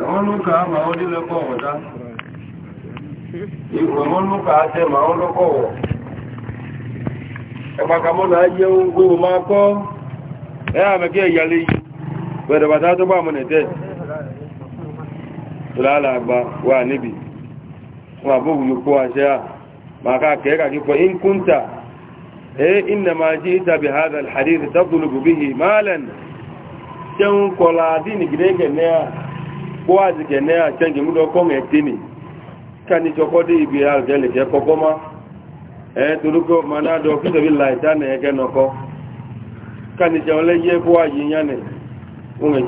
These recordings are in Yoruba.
ẹ̀wọ́n ló ahụ ma ó nílẹ̀ kọ́ ọ̀dá ìwọ̀n mọ́ ma ọ lọ́kọ̀ wọ̀ ẹ̀pàkàmọ́ náà jẹ́ ohun gbogbo máa kọ́ ẹ́ àmẹ́kẹ́ ìyàlé yìí wazi kene achangi mudo konge tini kani chokode ibi algele je kokoma eh turuko manado kito billahi tane ege noko kani chole ye kwa yinyane unge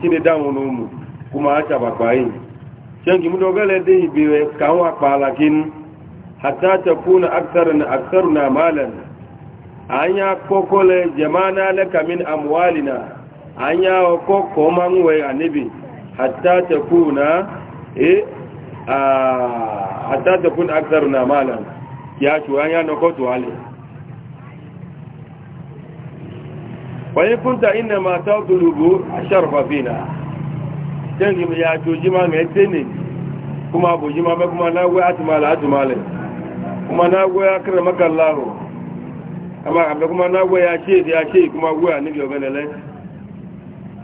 chini damu numu kuma acha bakwaini changi mudo gele de ibi pala kin hatta takuna aktharna aktharna malan anya kokole jamana laka min amwalina anya okoko mangwe anibi hatta takuna eh hatta na aktharuna malan ya chuwa ya nokoto wale wayin kunta inna ma tatlubu asharfa fina tangi ya chuji ma ngetene kuma boji ma ba kuma nawe atmala atmala kuma nawe akramaka allah amma kuma nawe ya shedi ya shedi kuma gwa ni biyo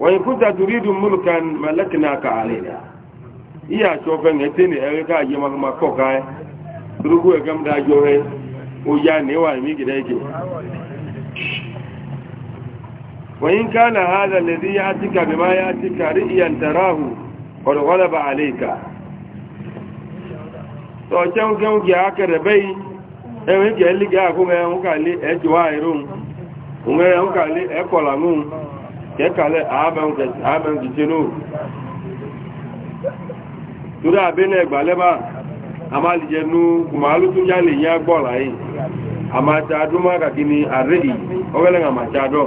wọ́n yìí kúta torí dùn múlù kan mẹ́lẹ́kìnà ka àlè dà iye àtsọ fẹ́ ẹ̀ tẹ́ ní ẹ̀rẹ́ ká yẹ máa kọ́ ká ẹ́ mi dájọ́ ẹ́ ó yá níwà mí gidẹ́ ike. wọ́n yìí ká nà hàdà lèdí yá ti kà bí yá ti kà rí iye ntàráhù ọ̀dọ̀ wọ́n bá àlè kà. tọ́ jẹun kẹ́hún kì kẹ́kàlẹ̀ ààbẹ̀n jìtínú torí àbínẹ̀ ìgbàlẹ́bà a máa lè jẹnu kùmàálù tún já lè yá gbọ́ọ̀lá yìí a máa ta adúmọ́ kàkí ni ààrẹ yìí ọgbẹ́lẹ̀ àmà ta dọ́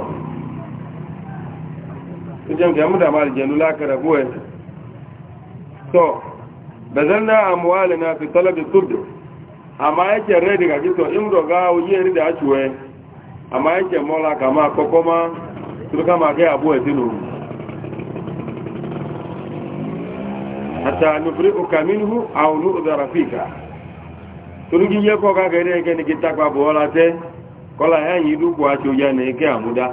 tó jẹ́ mùdà máa lè jẹnu lákẹrẹ fún ẹ̀ tọ́ bẹ̀zẹ́ndà àmúhálẹ̀ náà fi tọ́lẹ̀ fi tóbi a máa ẹ̀kẹ́ rẹ̀ dìgàkítọ̀ ìmùdọ̀gá oyé rí dàá ṣù ẹ a máa ẹ̀kẹ́ mọ́lá kà máa kọ́kọ́ máa tuluka ma kai abu ya hata hatta nufri uka minhu aw nu'dhara fika tulugi ye ko ga gere ke ni kita kwa te kola ya yi du kwa cho ya ne ke amuda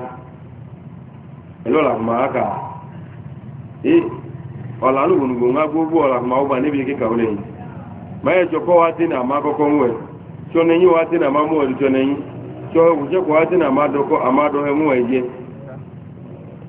elola ma aka e ola lu gunu gunga gugu ola ma uba ne bi ke ka ole yi ma ye joko wa tina ma koko nwe cho ne yi wa tina ma mu ori cho ne yi cho ku je ko wa tina ma doko amado he mu eje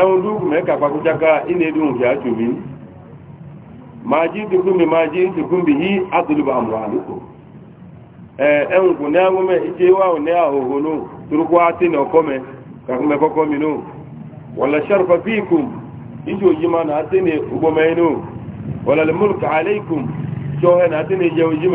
ẹ̀hùn dúkù mẹ́ka pàkújáká inédú òun yà máa jí tukú mi máa jí tukú mi yí àtúlùbà àmọ́ àlùkò ẹ̀hùn kò ní àwọn ìṣe wà ní àhòhò nù turukú àti ní ọkọ mẹ́ kàkúmẹ́ kọ́kọ́ mi nù wọ̀lẹ̀ sẹ́rùfà fíìkùm ìṣe òjì máa nà àti ní ugbọ́ mẹ́ inú wọ̀lẹ̀ múlùkà àlẹ́kùm ṣọ́hẹ́ nà àti ní òjì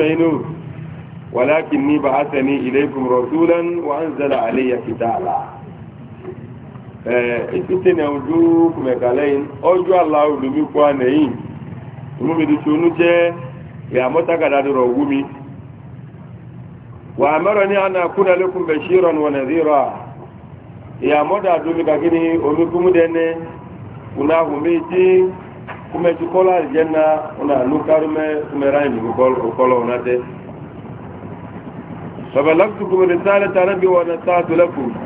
ìtìtìnà ojú kùmẹ̀kàlẹ́yìn ọjọ́ àlà olùmíkọ́ ànẹ̀yìn ìmúmìdí tí ó ní jẹ́ ìyàmọ́tàkàdà rọ̀ wú mi wà mẹ́rọ ní àná kúnlẹ̀ lókun bẹ̀ ṣí rọ̀nù wọ̀nà ríra ìyàmọ́dà domi kàkí ni omi kúmúdẹ́ni kùnàhùn méjì kúmẹ̀tukọ́lá ìjẹ́nà ọ̀nà àlùkárùmẹ́ kúmẹ̀rá ìlú kọ́lọ̀ ọ̀nà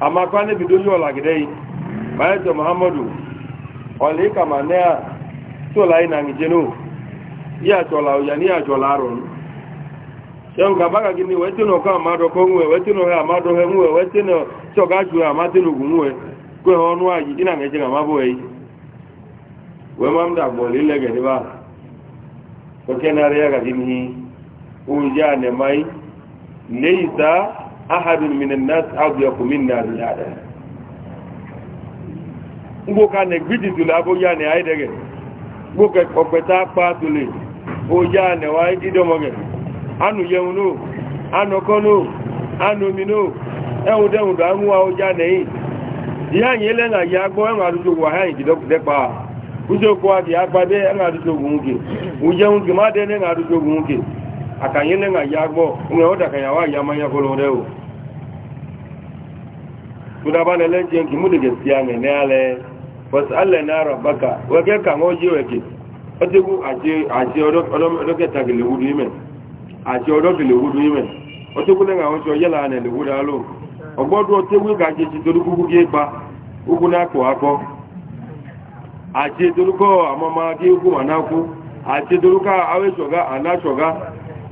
amakwa ne bido yo lagide yi baye to muhammadu ole kama ne a to na ngi ya to la na ya ni ya to la ron se o gaba ga gini wetu no ka amado ko nwe wetu no ha amado he nwe wetu no to ga ju amado no gu nwe ko ho nu ayi ina ngi jena mabo e yi we mam da bo le lege ni ba ko kenare ya ga gini o ja ne mai leisa ahadu min an-nas adyaqu minna ziyada ngbo ka ne gbidi tu labo ya ne aidege ngbo ke opeta pa tu o ya ne wa idido mo ge anu yeun no anu ko no anu mi no e o de un da wa o ya ne yi ya yin le na ya gbo e ma du wa ha yin dido de pa ujo ko adi agba e ma du jogun ke ujeun ki ma de ne ma du jogun àkànyé nga ya gbọ́ ní ọdá kàyàwó àyàmáyà kọlọ rẹ̀ o tó dábá ní ẹlẹ́jẹ́ kí mú dìgẹ̀ sí àmì ní alẹ́ pọ̀sí alẹ́ náà rọ̀ bákà wẹ́kẹ́ kà wọ́n yí wẹ̀kẹ́ ọdẹ́kù àti ọdọ́kẹta kìlẹ̀wúdú imẹ̀ àti wu imẹ̀ ọdẹ́kù nẹ́ngà wọ́n sọ yẹ́là ní ẹlẹ́wúdú alọ́ ọgbọ́dún ọtẹ́kù kàjẹ́ ti torí gba ukú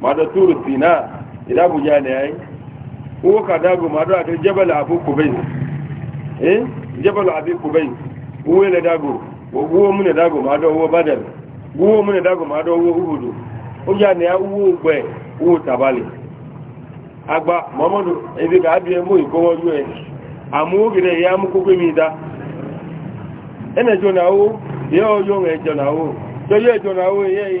mado turu sina ida buja ne ai uwa ka dago mado a jabal abu kubai eh jabal abu kubai uwa le dago uwa mun dago mado uwa badal uwa mun dago mado uwa uhudu uja ne a uwa ugbe uwa tabali agba mamadu ka e amu ya ene jo na o ye o yo nge na o jo ye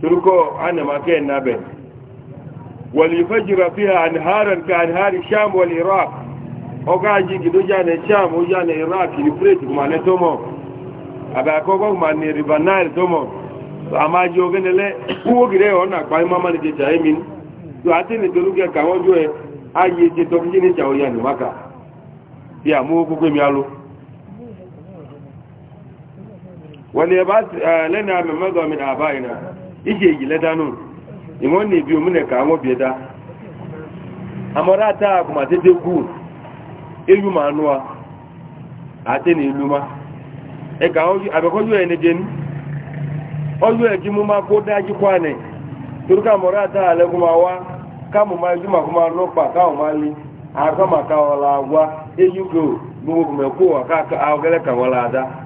turko anamake nabe walifajira fiha anharan ka anhari sham wal iraq ogaji gido jane sham o jane iraq ilifret kumane tomo aba koko kumane river nile tomo amaji ogenele uwo gire ona pa mama ni jeja emin to atini toruke ka won jo e aye je to kini cha oya ni maka ti amu gugu mi alu wal yabat eh, lana min madha min abaina ije yileda nu imo ni bi omune ka won bi da amara ta aguma tete gu eyu ma nuwa ate ni iluma e, e ka oju abekoju ene jeni oju e ki mu ma ko daji kwane turuka mora ta ale kuma wa ka mu ma ju ma kuma ropa ka o ma li aka ma ka ola wa eyu ko gbogbo kuma wa ka ka awgele ka wala da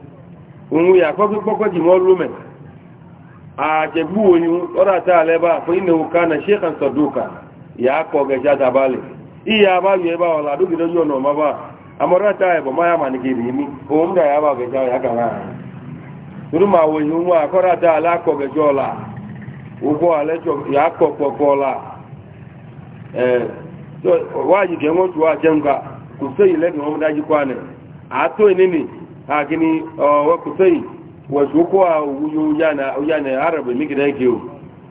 òun yà fọ́ pípọ́kọ́ jì mọ́ lómẹ̀ àjẹ̀gbú oyún ọ́dá tá a lẹ́bà fún ilẹ̀ òkà náà ṣe kàn sọ̀dọ́kà yà kọ́ gẹ̀ẹ́sì àtàbálẹ̀ ìyà abáyọ a ẹ̀bọ̀ máyà mà ní kiri mi òun dà yà bà gẹ̀ẹ́sì a lẹ́ akọ́ gẹ̀ẹ́sì ọ̀la òkò hakini wa kusai wa shukuwa uyu yana yana arabu miki da yake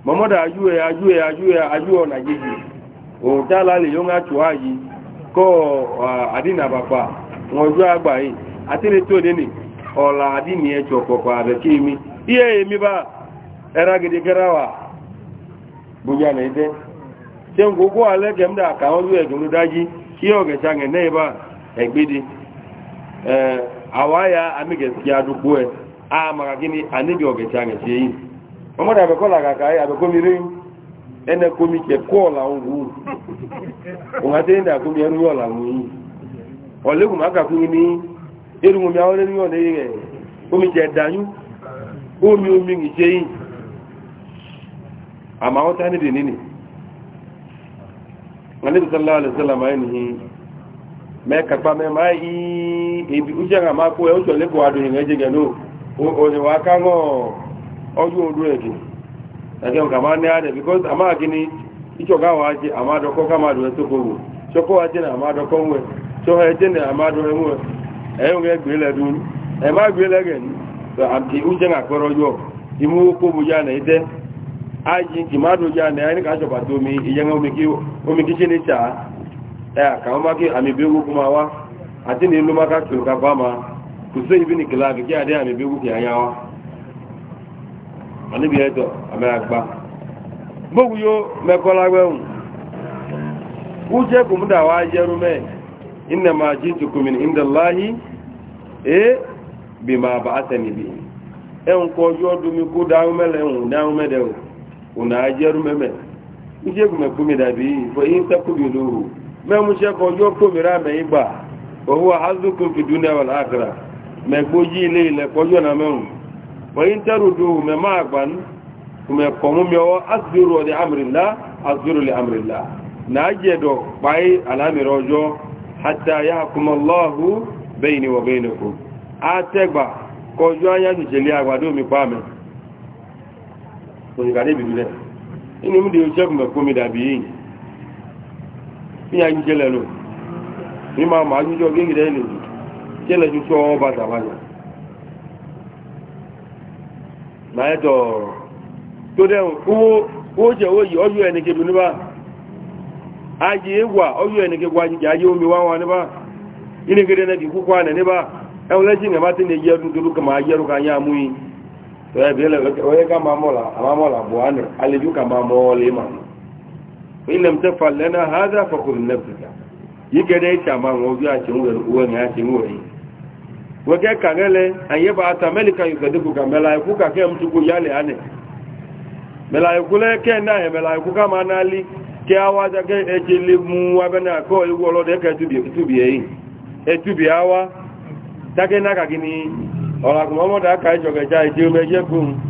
mamoda ajuwe ajuwe ajuwe ajuwe na jiji o tala le yonga tuaji ko adina bapa ngoju agba yi atire to deni ola adini e chopo kwa be kimi iye mi ba era gidi garawa buja na ide se ngogo ale gemda ka oju e gunu daji ki oge change ne ba egbidi eh awaya ami gaskiya a maka gini anibi o gaskiya ga ce yi amma da bakola ga kai abe komi ene komi ke kola ungu unga te nda komi eru yola mu ole kuma ka ni eru mu ya ole ni ole yi komi je danyu omi omi ngi ce yi amma wata ni de nini Annabi sallallahu alaihi wasallam ainihi mẹ́kàpá mẹ́má yìí ibi ó jẹ́rà máa kó ẹ ó ṣọ̀lẹ́kọ̀ adùn ìrìn ẹjẹ́gẹ̀ ló òníwà káàmọ̀ ọdún odó ẹ̀dùn ẹ̀kẹ́ ọ̀gá máa ní ààrẹ because a máa gini ìṣọ̀gá wa jẹ́ àmádọ́kọ́ káàmàdùn ẹ̀ tó gbogbo ṣọ́kọ́ wa jẹ́ àmádọ́kọ́ ń wẹ̀ ṣọ́kọ́ ẹ jẹ́ àmádọ́ ẹ̀mú ẹ̀ ẹ̀yìn rẹ̀ gbé lẹ́dùn ẹ̀ má gbé lẹ́gẹ̀ ní àti ó jẹ́ àpẹẹrẹ yọ imú kóbu yá nà ẹ̀dẹ́ ayé ɗaya kama maki amibegu kuma wa a ti maka lumaka tsoka ba ma ku sai ibi ni kila ga kiya dai amibegu ke hanyawa wani biya ito a mai gba gbogbo yo mekola gbẹun kuje kuma wa jeru mai ma ji tukumin inda lahi kọ dáhùn ń dáhùn ò náà dàbí fọ mẹ́múṣẹ́ kọjọ́ kòmìnira mẹ́yìn gbà òhun àházùkú fìdú a láàkìrà mẹ́gbójí ilé ilẹ̀ kọjọ́ náà mẹ́rùn wọ́yí tẹ́rùdù mẹ́ máa gbà ní mẹ́kọ̀múmiọ́wọ́ asìdúró ọdẹ amìrìlá asìdúró lè amìrìlá náà jẹ́dọ̀ páyé alámìrì ọjọ́ hàtà yàkùmọ̀lọ́hù bẹ́yìn wọ̀ bẹ́yìn kù àtẹ́gbà kọjọ́ ayájùjẹ̀lẹ̀ ìyá ń jẹ́lẹ̀ lò ní máa máa jújọ gígìdẹ́ ilẹ̀ jù jẹ́lẹ̀ jù gwa ọba tàbáyà máa ẹ̀tọ̀ tó dẹ̀hùn owó jẹ́ owó yìí ọjọ́ ẹnikẹ́dù níbà ajé wà ọjọ́ ẹnikẹ́gbà ajé omi wá wọn níbà inigede nẹ́gì kúkọ́ ànẹ̀ níbà ẹ̀hùn ka ma tí ní yẹ́rù ya lókè máa yẹ́rù ká yá mú yìí tọ́yẹ̀ bí ẹ̀lẹ́ ọ̀yẹ́ ká máa mọ́là àmàmọ́là bọ̀ ánẹ̀ alẹ́jú ká ma. in lam tafal lana hadha fa khudh nafsaka yike dai tama ngo ya ce mu ruwa ne ya ce mu ri wage kanele aye ba ta melika yusadiku ka ane melaiku le ke manali ke awaja ke bena ko iwo lo de ke tubi tubi e e tubi awa take na ka gini ola ko mo da ka meje kun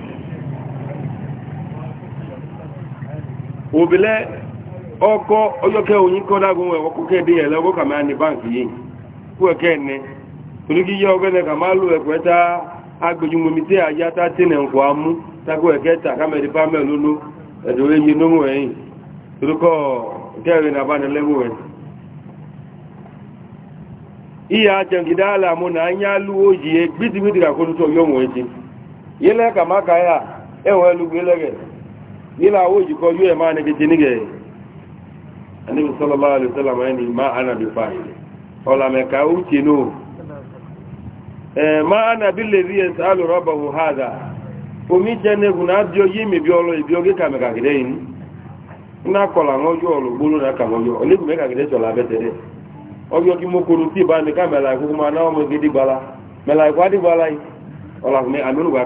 obìlẹ̀ ọkọ̀ ọjọ́kẹ́ oyin kọ́ dágún ẹ̀ ọkọ̀ kẹ́ẹ̀dé yẹ̀ lọ́gọ́ kàmá ní báǹkì yìí kú ẹ̀kẹ́ ẹ̀nẹ́ torí kí yẹ ọgbẹ́ ní kàmá lò ẹ̀kọ́ ẹ̀ta agbèjúmọ̀mí tí àyá tí amú tákù ẹ̀kẹ́ ta kámẹ́rì ẹ̀dọ̀ ẹ̀yìn ń ila woji ko yo e ma ne gidi nige ani sallallahu alaihi wasallam ani ma ana bi fa'il ola me ka uti no eh ma ana bil ladhi yasalu rabbahu hadha omi jene guna bio yimi bi olo ibi oge ka me ka na kola ngojo olo gburu na ka me ka gide jola betere ojo ki mokuru ti ba ni ka me la ku me la ku adi me aminu ga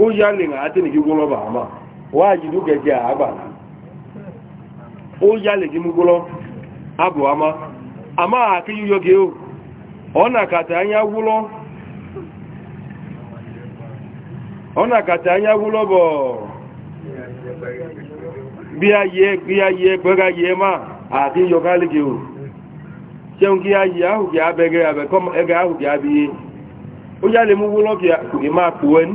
ó yá lè ràn áti nìkí gólọ́ bà ámà wá jìdú gẹ̀gẹ̀ àgbà ó yá lè gínú gólọ́ kàtà anyá bọ̀ bí a yẹ bí a yẹ gbẹ́gà yẹ máa àti yíyọ ká lè ṣeun kí a yẹ áhùkì abẹ́gẹ́ abẹ́kọ́ ẹgẹ́ áhùkì abíyé ó yá lè mú wúlọ́ kì máa pò ẹni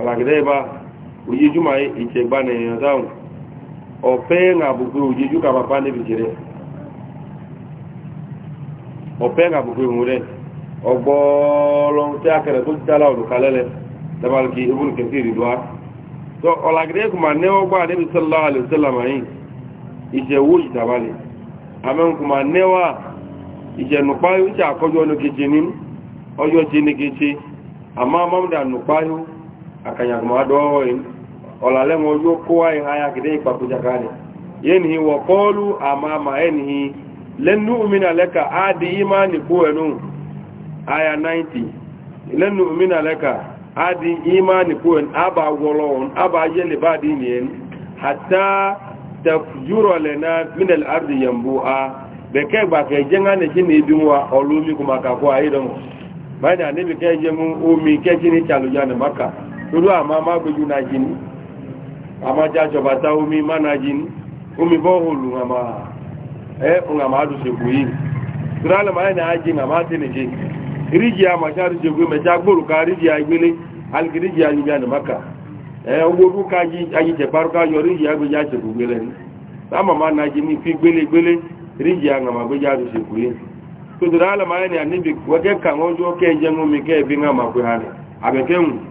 alagide ba oyeju ma ìtsẹ̀ gba ya èèyàn dáhùn ọ̀pẹ́ oyeju kama bàbá níbi jìrẹ ọ̀pẹ́ ńà àbùkù ìhùn rẹ ọgbọ́ọ́lọ́ tí a kẹrẹ tó dá láwùjọ kalẹ́ lẹ dabaliki ibùdó kẹsì ìrìdùá tó ọ̀làgide kò mà nẹ́wọ́ gbà níbi sọlá akanyagoma doin olalemo yo kuwa haya kide ipakuja kale yenhi wa qalu amama yenhi lan nu'mina adi imani kuwenu aya 90 lan nu'mina laka adi imani kuwen aba wolon aba yele badini yen hatta tafjura lana min al-ardi yanbu'a beke gba ke jenga ne jini biwa olumi kuma ka ko ni don bayda ne bi jemu omi ke jini chalu jana makka torí àmà má gbéjú náà jí ní àmà já jọba tá omi má náà jí ní omi bọ́ọ̀lù àmà ẹ́ òun àmà àdùsẹ̀kù yìí torí àlàmà ẹ̀ náà jí àmà tẹ̀lẹ̀ jẹ́ ríjì àmà ṣá àdùsẹ̀kù mẹ́ta gbòòrò ká ríjì àgbélé alìkìríjì àyùbí ànàmáka ẹ̀ ogbogbo ká ayé jẹ̀párú ká yọ ríjì àgbéjì àṣẹ̀kù gbélé ní sáàmà má náà ní fi gbélé ríjì àmà àgbéjì àdùsẹ̀kù yìí torí àlàmà ẹ̀ náà wọ́n jọ kẹ́ jẹ́ mú mi kẹ́ ẹ̀bí ń àmà pé hàn àbẹ̀kẹ́ ń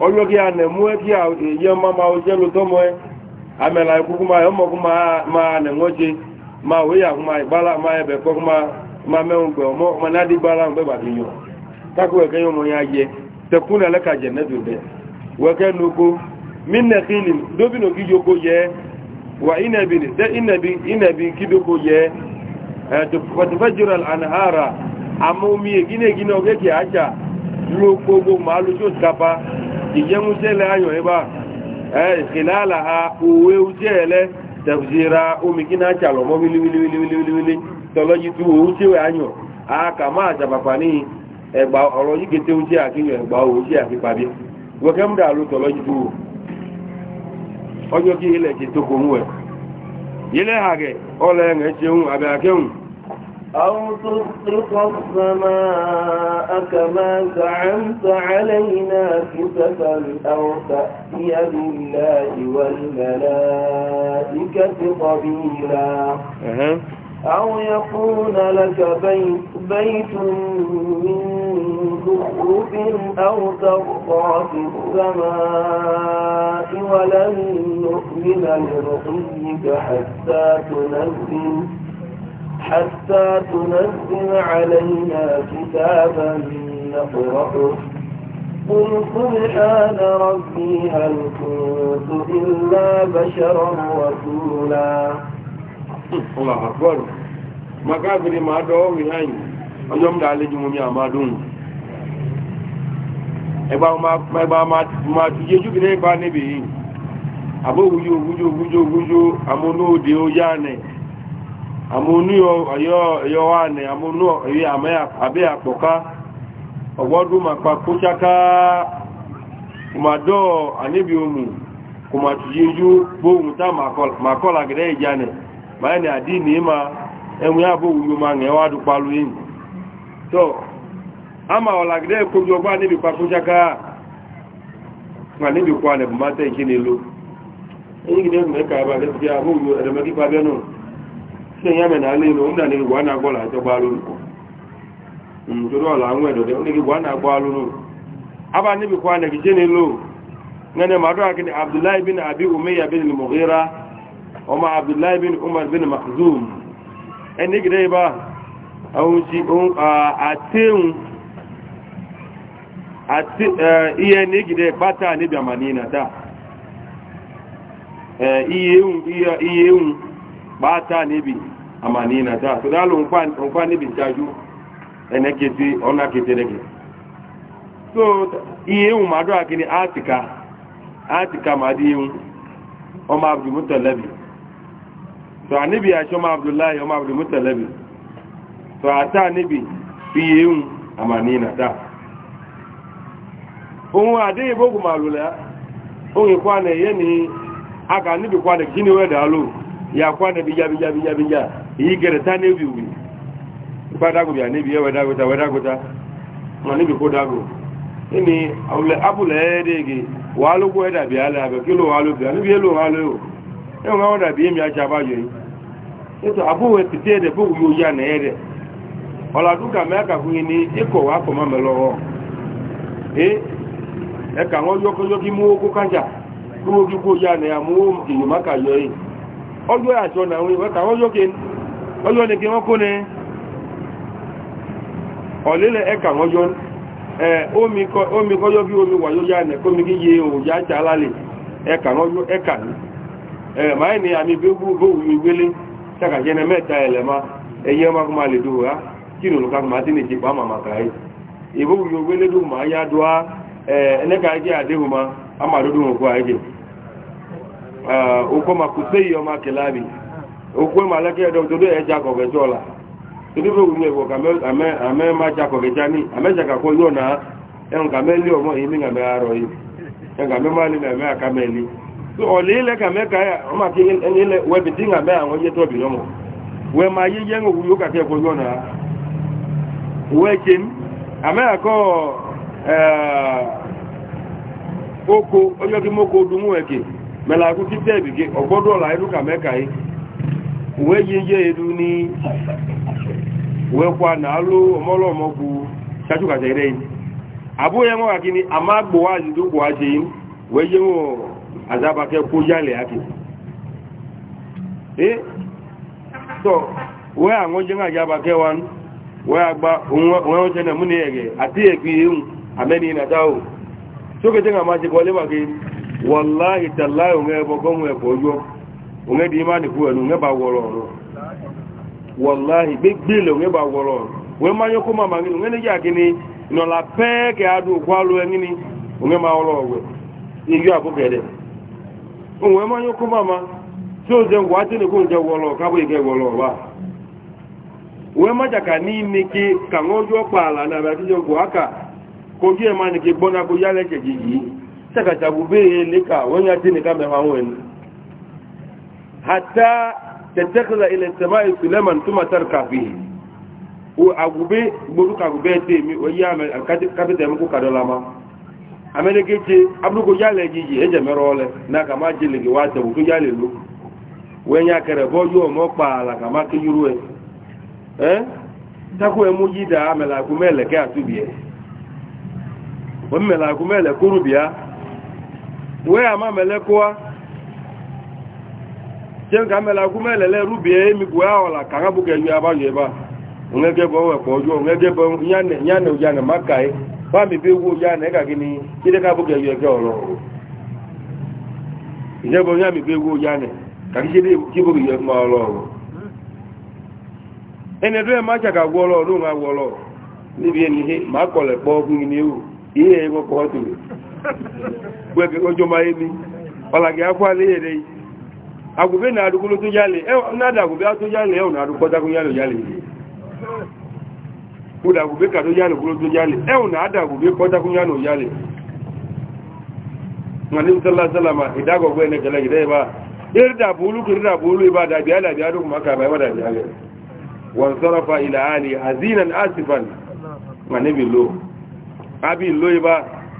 onye gị a na-emue gị a ye mma ma oje lụta amela ikwukwu ma ma na-enweche ma wee ya ma gbala ma ebe kpọkụ ma menwu mgbe ma na adị gbala mgbe gbadinyo tako weke nye ya ye tekwu na eleka je nedube weke n'ugbo minne kili dobi ye wa ye eh, gine gine oge aja ma ìjẹ́ ń jẹ́ lẹ́ ayọ̀ ẹbá ìkìláàlà ha òwe jẹ́ ẹlẹ́ tẹ̀fùsíra omi kí náà ṣàlọ̀ mọ́ wíníwíníwíníwíní tọ́lọ́jì tí òun ṣe wẹ̀ ayọ̀ a kà máa ṣàpàpà ní ẹgbà ọ̀rọ̀ yìí kété oúnjẹ ẹgbà òun ṣe أو تسقط السماء كما زعمت علينا كسفا أو تأتي بالله والملائكة قبيلا أو يكون لك بيت, بيت من زخرف أو ترقى في السماء ولن نؤمن لرقيك حتى تنزل حتى تنزل علينا كتابا نقرأه قل سبحان ربي هل كنت إلا بشرا رسولا الله أكبر makabiri ma dọ́wọ́ wí hàn ọjọ́ mdà àlejò mú mi àmà dùn ẹgbà ma tìyẹ jù bí ní ẹgbà níbi yìí àbó wújó wújó wújó wújó àmúnú òde ó yá nẹ̀ amunu yo wane amunu yi amaya abe apoka ogodu mapa kuchaka kumado anibi umu kumatujiju bohun ta makola gire ijane ma enwe abohun yo ma ngewa dupalu yin to ama olagide kojú ọgbá níbi pakúnṣáká ma níbi kọ́ alẹ̀bùmátẹ̀ ìkíni ló èyí ni ẹgbẹ̀mẹ́ka sẹ́yìn àmẹ́nà alẹ́ inú ọmọdé nígbà wà náà gbọ́lá àjọgbà lórúkọ nítorí ọ̀là àwọn ẹ̀dọ̀dẹ̀ nígbà wà náà gbọ́ alórúkọ abá níbi kọ́ anẹ̀kì jẹ́ màdúrà kí ni abdullahi bin abi umeya bin mughira ọmọ abdullahi bin umar bin makhzum ẹni gidẹ ibá àwọn ti àtẹ́hùn iye ní bátà níbi iye ehun bata níbi àmàníyàn àti àtúndálò nǹkan níbi ìṣáájú ẹnẹ́kẹtì ọ̀nà so iye ń máa dọ́ra kìíní áàtìkà áàtìkà máa di ihun ọmọ abdulmutalabi so àníbi àṣọ ọmọ abdullahi ọmọ abdulmutalabi so àtà níbi iye ń àmàníyàn àtà ohun àdéhìbógun màlúlẹ̀ ohun ìkwanẹ̀ yẹ́ ni a kà níbi kwanẹ̀ kí ni wẹ́ẹ̀dà lóòrùn ya kwa na bija bija bija bija yi ta biwi ba dago ne biya wada gota wada gota ma ne dago ini awle abule dege walu ko la kilo walu ne lo walu e ma wada mi acha ba yoyi eto abu we tite de bu ya na ere ola duka me ka hu ni iko wa ko ma me lo e e ka ngo yo ko yo na ya mu ki ka yoyi ọjọ́ àjọ nàwọn ìwẹ́ta ọjọ́ ní kí wọ́n kó ní ọ̀lẹ́lẹ̀ ẹka ọjọ́ omi kọjọ́ bí omi wà yóò yá nẹ̀ kó mi kí yẹ òòyà jà alálẹ̀ ẹka ọjọ́ ẹka ní máa ní àmì gbégbégbélé sàkàjẹ́nẹ mẹ́ta ma Eh, ukwe ma kuse iyo ma kelabi ukwe ma leke ya doktodo ya jako kechola tuli be unye ko kame ame ame ma jako kechani ame jaka ko yona en kame li omo imi ngame aro yi en kame mali na me akame li so oli ile kame ka ya o ma ki ile we bi dinga me awon ye bi yomo we ma ye ye ngo wuyo ka te ko yona we kin ame ako eh oko oyo ki moko dumu eke mẹ́la kú kí tẹ́ẹ̀bì gé ọgbọ́dọ̀ ọ̀la ẹlúkà mẹ́ka yìí òwe yíyẹ ìlú ni àmà gbòwá àdúgbò àṣẹ yìí òwe yẹ wọn àzábàkẹ́ kó yálẹ̀ àkè eh so òwe àwọn jẹ́ àjábàkẹ́ wa òwe àgbà òwe wọn ṣẹlẹ̀ wallahi tallahi onge bogo mu ebojo onge di imani ku enu ba woro oro wallahi bigbile onge ba woro oro we manyo ma mangi onge ni yakini no la peke adu kwalu engini onge ma woro owe iyo ma so je ngwati ni ku woro ka bo ige woro wa we majaka ni ka ngojo pala na ba ti jo aka ko je gbona ko yale ke sakacabu bee lika wani ati nika mɛ hɔn wɛni hata tɛtɛkila ilẹ sɛmaa yi suleman tuma tari kafi o agube gbolu kagube te mi o yi ame kati mi ko kadɔ la ma ameleke tse abuduko yalɛ dzidzi edzɛmɛrɔ lɛ na kama dzeleke wa tɛ woto yalɛ lo wɛnyɛ akɛrɛ bɔ yɔ mɔ kpaa la kama ke yuru yɛ ɛ tako ɛmu yi da amɛlɛ akumɛ lɛ kɛ atubiɛ wɔmɛlɛ akumɛ lɛ korobia wee ama melekwa che ka mela kwu melele rubie emikwu ha ọla ka ha bụga enye abanyụ ebe a nwege ebe owekpa ọjọọ nwege ebe ya na ụja na maka anyị ba mebe egwu ụja na ịga gị n'iyi ide ka bụga enye ege ọlọ ìjẹ́bọ̀ ní àmì pé owó yánẹ̀ kàkíṣẹ́ lè kíbò ìyẹ́ ma ọlọ́ọ̀rọ̀ ẹni ẹ̀dọ́ ẹ̀ máa ṣàkà wọ́ ọlọ́ọ̀rọ̀ òun àwọ̀ ọlọ́ níbi ẹni hé máa ọjọ́ máa ní ọ̀làgẹ́ afọ́ alẹ́ yẹ̀rẹ́ yìí agùnbé náà àdúgbò tó yálẹ̀ náà agùnbé tó yálẹ̀ ẹ̀wọ̀n àdúgbò tó yálẹ̀ yálẹ̀ ó dàgùnbé kà tó yálẹ̀ gbóló tó yálẹ̀ ẹ̀wọ̀n àdàgùnbé pọ́tàkùn yálẹ̀ yálẹ̀ wọn ní sọ́lá ìdágọ̀gbọ́ ẹni kẹlẹ̀ ìdẹ́ ìbá irda bulu kirda bulu ìbá dàbí àdàbí àdúgbò maka bàbá dàbí àlẹ̀ wọn sọ́rọ̀ fa ìlà àlì àzínà àsìfàn wọn níbi lo àbí lo ìbá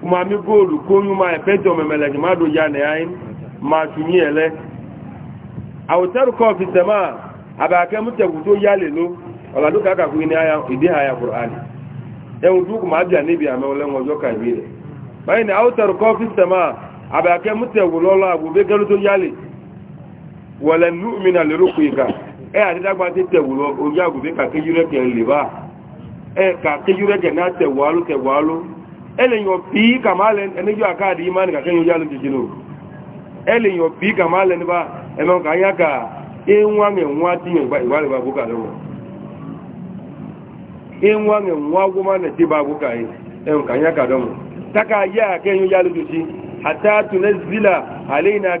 kuma mi góòlù kóyún ma ẹ̀fẹ́ e jọ mẹ̀mẹ̀lẹ̀ kì má do ya nẹ̀ ayé ma tù ní ẹ̀lẹ́ àwòtẹ́rù kọ́ fi sẹ̀mà àbàkẹ́ mú tẹ̀kù tó yá lè ló ọ̀làdó kàkàkú ní ìdí àyà kùránì ẹ̀hùn tó kù má bíà níbi àmẹ́ ọlẹ́wọ̀n ọjọ́ kàìbí rẹ̀ báyìí ni àwòtẹ́rù e kọ́ fi sẹ̀mà àbàkẹ́ mú tẹ̀kù lọ́lọ́ àgbòbégẹ́rú tó yá lè wọ̀lẹ̀ nú mi nà lérò kù ìkà ẹ àdídágbà tí tẹ̀wò lọ orí àgùnfẹ́ kàkéjúrẹ́kẹ̀ lè bá ẹ kàkéjúrẹ́kẹ̀ náà tẹ̀wò alú tẹ̀wò alú eleyo pi kamale enejo akadi imani ka kenyo jalo jijilo eleyo pi kamale ni ba eme ka yaka enwa nge nwa ti me ba iwale ba buka lo enwa nge nwa go ma ne ti ba buka yi e, en ka yaka do mo taka ya kenyo jalo jiji hatta tunzila alaina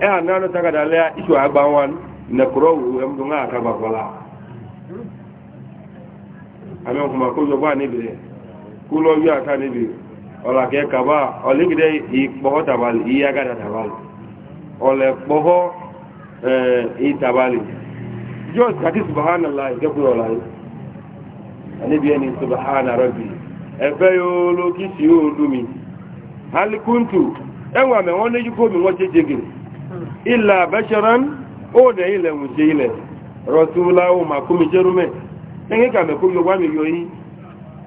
e nanu na anụ tagadalea ihu agba nwa nekụrọ wuwe mdụ nwa aka gbakwala amekụma kụzọ gba n'ibiri kụlọ oyi aka n'ibiri ọla ka kaba ọligide ikpọhọ eh, tabali iyi agada tabali ọla ekpọhọ ee tabali jos kati subhanallah ikekwu ọla yi anibi ẹni subhana rabbi ẹfẹ yóò lókìsí yóò lumi halikuntu ẹwọn àmẹwọn lẹyìn kó mi wọn ṣe jẹgẹrẹ. illa basharan o da ile wuce ile rasula o ma kumi jerume ɗan ka mai kuri yogba mai yoyi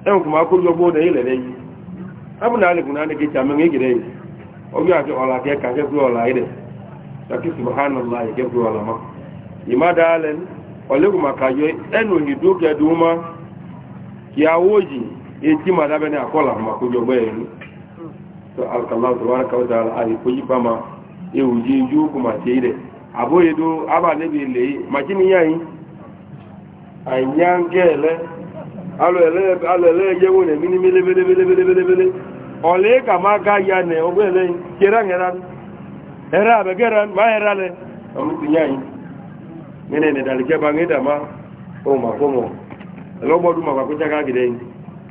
ɗan abu na da ke camin yi gida obi ola ka ke kuri ola ide na ki subhanallah ya ke kuri ma ima da alen ka yoyi ɗanu hidu ke duma kiyawoji ma ji ju kuma teire aboye abụghị aba ne bi le machini yayi anyangele alo ele alo ele je won e mini mele mele mele mele ole ka ma ga ya na obele kera ngera era be ma era le amuti yayi mene ne dalike bangeda ma o ma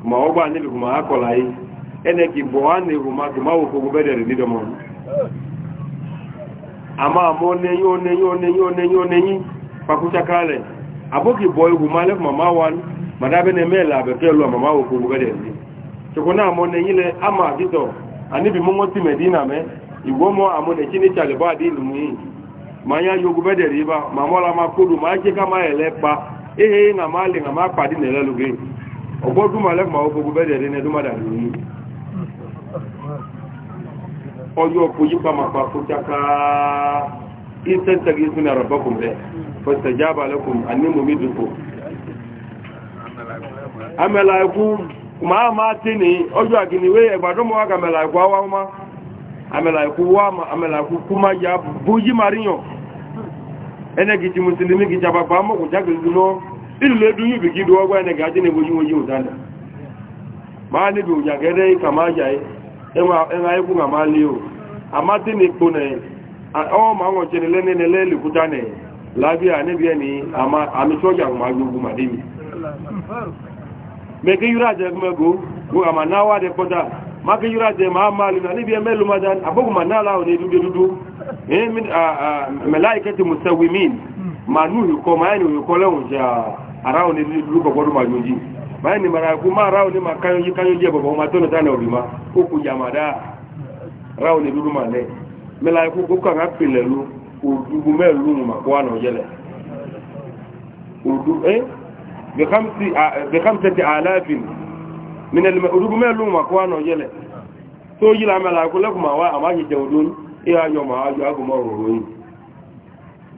ma ọgba ma kọla ene àmọ́ àmọ́ oneyin oneyin oneyin oneyin oneyin pakúṣakalẹ̀ àbókì bọ male máa lẹ́fún màmá wa ní màdábẹ́nẹ mẹ́ẹ̀lá àbẹ̀fẹ́ lọ màmá òkú gbẹ́dẹ̀ sí ṣùgbọ́n náà àmọ́ oneyin lẹ àmà àdìtọ̀ àníbi mọ́mọ́ ti mẹ̀dínà mẹ́ ìwọ́mọ́ àmọ́ nẹ̀kí ní ìṣàlẹ̀bọ́ àdínù ma ya yi bede riba ma mola ma kudu ma je kama ele pa ehe na mali na ma padi na lelu ge ogbodu ma le ma ogogu bede ne duma da ọjọ́ fojú pàmàpà fúnjáká ìsẹ́ tẹ̀gí fún àrọ̀bọ́kùn bẹ́ fọ́sẹ̀ jábà lẹ́kùn anímòmí dùkù amẹ́lá ẹkú máa máa tí ní ọjọ́ àgìníwé ẹgbàdọ́mọ́ agamẹ́lá ẹkú wá wá amẹ́lá ẹkú wá amẹ́lá ẹkú kú máa ya bójí maríyàn ẹnẹ́gì ti mùsùlùmí gìjà bàbá mọ́kù jágìlì ẹ̀wọ̀n ayékún àmà lé o àmá tí ní ipò nẹ̀ ọwọ́ ma wọ́n jẹ́ nílẹ́nẹ́ lẹ́lẹ́lẹ́kúta nẹ̀ lábíà níbi ẹni àmì sọ́jà ọmọ agbógun màdé mi mẹ́kí yúrà jẹ́ mẹ́gó wọ́n àmà náà wà dẹ́ pọ́tà mákí yúrà jẹ́ máa máa lè náà níbi ẹmẹ́lú máa dání àbókùnmà náà láwọn ní dúdú dúdú mẹ́láìkẹ́ ti mùsẹ̀wìmín màánù ìkọ màáyìn ìkọ lẹ́wọ̀n jẹ́ àráwọn ní dúdú kọ̀kọ́dún báyìí ni mara kú máa ráwọ̀ ní ma káyọ́jú káyọ́jú ẹ̀bọ̀bọ̀ ọmọ tó nìta náà rí ma ó kú yàmàdá ráwọ̀ ní dúdú mà lẹ̀ mẹ́la ikú kó kàn á pè lẹ̀lú òdúgbò mẹ́lú mà kó àná yẹlẹ̀ òdú ẹ́ bẹ̀kámsẹ̀ ti àlàáfin mìnàlùmẹ̀ òdúgbò mẹ́lú mà kó àná yẹlẹ̀ tó yí la mẹ́la ikú lẹ́kùn mà wá àmáyé jẹun dún ìhà yọ mà yìí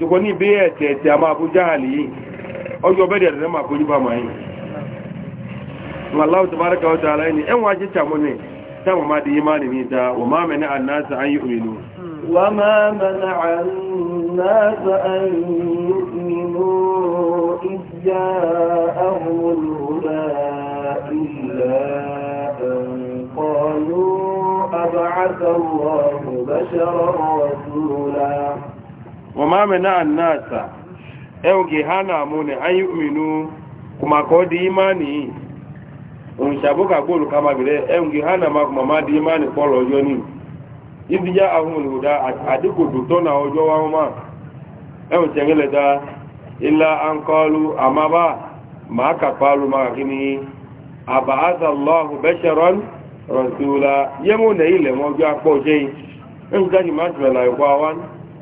tukọ ní ibi ẹ̀tẹ̀ ẹ̀tẹ̀ a máa bú jáàlì yìí ọjọ́ bẹ́ẹ̀ rẹ̀ ma bú yíba máa yìí wàláwù tàbára kàwọ́ ta aláì ni ẹwọ́n ajé tàmú ní táwọn máa di yí máa nìmi ta wà máa mẹ́ni ànáàsà ayé òyìnbó قالوا أبعث الله بشرا رسولا mama menaa ta enw anyaenu ụmd acha bụ ka gbooro ka mag enweg ha na amaụ maa dị me an kpọr jo n'i idi ya hụoo adịkụu to na oj aụ enwecha nye leda ila nklụ amaba ma a kaprụ abaaahụ echero rotula yemn ile akpọ je ew ji mal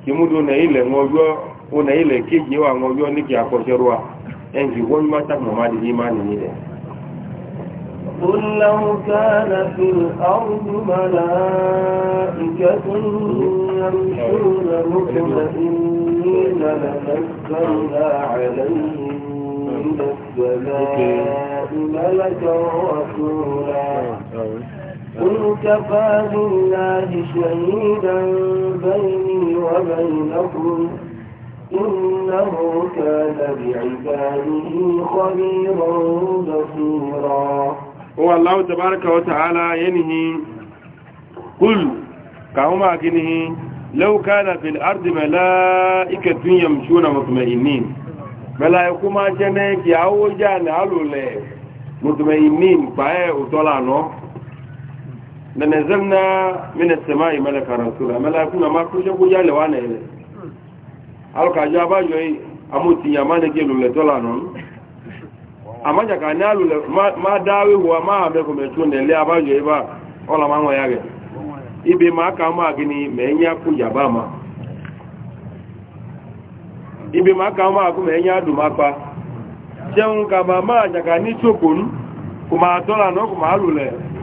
kimudu na ile ngojo una ile kiji wa ngojo niki akocherwa enji won mata mamadi imani ni de قل لو كان في الأرض ملائكة يمشون مطمئنين لنزلنا عليهم من السماء ملكا رسولا قل كفى بالله شهيدا بين وبينكم إنه كان بعباده خبيرا بصيرا هو الله تبارك وتعالى ينهي قل كهما كنهي لو كان في الأرض ملائكة يمشون مطمئنين ملائكة ما جنك يا أوجان ألو لك مطمئنين فهي أطلع نوك na nazamna min as-sama'i malaka rasula malakuna ma ku je ku ya le wana ile al ka ja ba yoyi amuti ya mane ke lule tola non amaja ka na lule ma dawe wa ma be ko me tunde le aba yoyi ba ola ma ngo yage ibe ma ka ma gini me nya ku ya ba ma ibe ma ka ma ku me nya du ma pa seun ka ma ma ja ka ni chokun kuma tola no kuma lule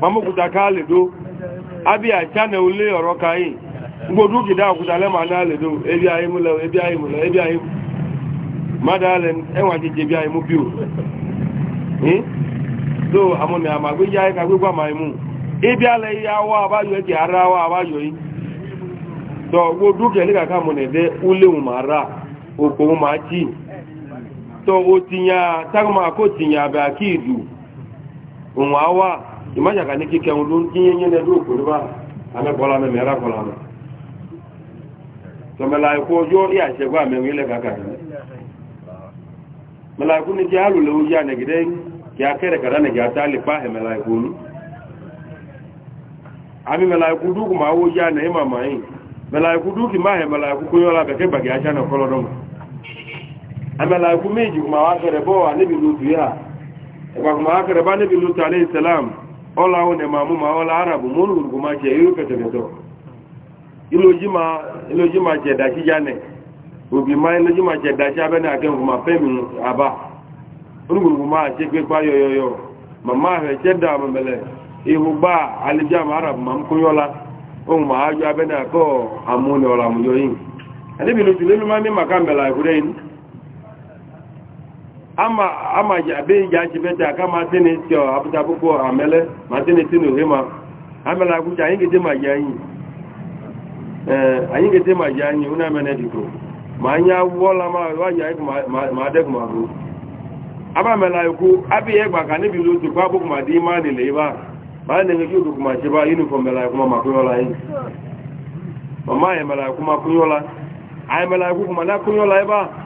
mamokuta ka ledo abia chane ule oro kai gbodu gida okuta le ma na ledo ebi ayi mu le ebi ayi mu le ebi ayi madalen enwa ti je bi ayi mu bi o eh so amon me ama gbe ya ka gbe gba mai mu ebi ale ya wa abayo ti ara wa abayo yi to gbodu ke ni kaka mo ne de ule mu mara oko mu ma ti to o tinya tagma ko tinya ba ki du òun á wà ìmájàká ní kíkẹ́ wọn ló ń kí yẹn ní ẹdún òkúrú bá amẹ́kọ́lá mẹ́mẹ́ ẹ̀rá kọ́lá mẹ́ tọ́mẹ́lá ikú ọjọ́ ní àṣẹgbọ́ àmẹ́rin ilẹ̀ kàkà rẹ̀ mẹ́lá ikú ní kí á lòlẹ̀ ojú ànẹ̀gẹ́dẹ́ kí á kẹ́rẹ̀ kàdá nẹ̀gẹ́ àtá lè pa ẹ̀ mẹ́lá ikú ní àmì mẹ́lá ikú dúkù máa wó yá nẹ̀ màmá yìí mẹ́lá ikú dúkì máa ọla ahụ na mamụ ma ọla arabụ ma onugwu ma che ihu ketọketọ iloji ma che dachi ya ne obi ma iloji ma che dachi abịa na ake ma femi aba onugwu ma chekwe kwa yoyoyo ma ma ahụ eche da mamele ihu gba alibia ma arabụ ma mkwụnye ọla ohun ma ajụ abịa na akọ amụ na ọla mụjọ yi adịbi n'otu n'elu ma ndị maka mbela ekwure yi ama ama abe ya ji bete aka ma ti ni apụta o amele ma ti ni ma amele anyị ma anyị ee anyị ma ji anyị eh, ma anyị ma anyị ma adịghị ma bụ aba anyị otu ma dị ime a nile ebe a ma a na-enweghị ogogo ma chebe yunifọm mela ma kwụnyọla anyị mama anyị ma kwụnyọla anyị na ebe a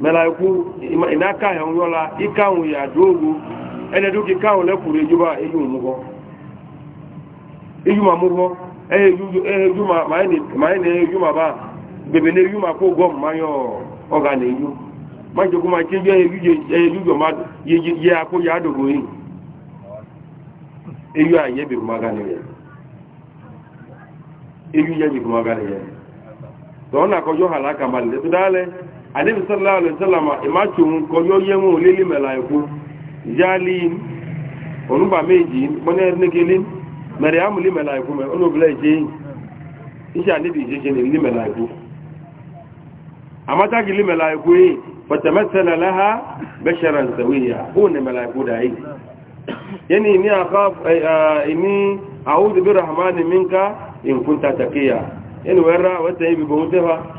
malayiku ina ka yɛn yɔ la ka ŋun yà dóogo ɛnɛ dó k'i ka ŋun lɛ kuru ejuba eju mu kɔ eju ma mu kɔ ma maa yi ne ma ba bebe ne eju ma ko gɔm ma yɔ ɔga ma ma tse ju ma ye ako ya a ma anabi sallallahu alaihi wasallam ima tun ko yo yemu lili malaiku jali onuba meji mone nekeli maryam li malaiku me onu bla je isha anabi je je li malaiku amata gili malaiku yi fatamassala laha basharan sawiya hun malaiku dai yani ni akhaf ini a'udhu birahmani minka in kunta taqiya yani wara wata yi bi bawtefa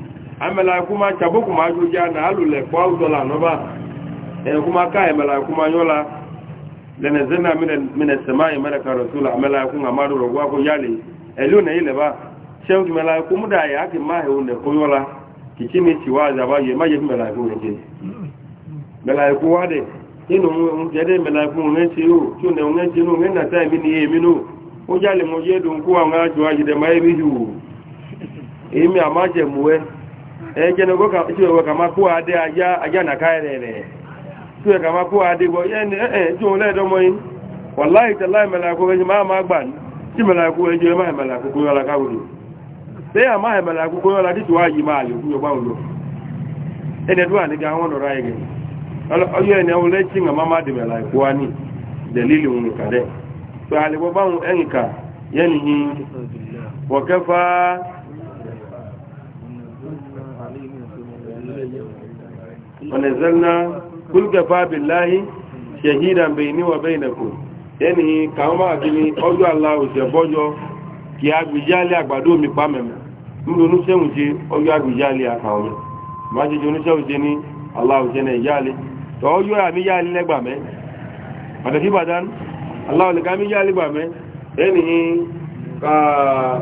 amela kuma chabu kuma juja na alule kwa utola noba yola lene zena mine mine samai mara ka rasula amela kuma ko yali elu ne ile ba shehu mela kuma da ya ki ma he yola kichini chiwaza ba ye maye mela ni e mi no o yali mo ye dun ku wa ngajo ajide ẹjẹni ọgọ́ tí ẹwọ kà máa kó adé ajá nàká ẹ̀rẹ̀ rẹ̀ tí ẹwọ kà máa kó adé gbọ́ yẹni ẹ̀ẹ́ tí òun lẹ́ẹ̀dọ́mọ́ yìí wà láì tẹ̀lá ìmẹ̀lẹ̀kọ́ ẹjẹ máa máa gbà ní tí mẹ̀lẹ̀kọ́ ẹjẹ máa ìmẹ̀lẹ̀kọ́ yọ́la káwòrò tí a máa ìmẹ̀lẹ̀kọ́ yọ́la títù wá yìí máa lè fún yọgbà òjò ẹni ẹdún àníkà àwọn ọ̀nà ráyẹ gẹ̀ wọ̀kẹ́fà ونزلنا كل كفى بالله شهيدا بيني وبينكم يعني كما أكني أجو الله وشبوجو kì í agbèjálẹ̀ àgbàdo mi pa mẹ́mẹ́ nínú oníṣẹ́hùn ṣe ọjọ́ agbèjálẹ̀ àkàwọn mi máa ṣe ṣe oníṣẹ́hùn ṣe ní aláwòṣẹ́ náà yálẹ̀ tọ́ ọjọ́ àmì yálẹ̀ lẹ́gbàmẹ́ pàtàkì bàdán aláwòlẹ́gá mi yálẹ̀ gbàmẹ́ ẹni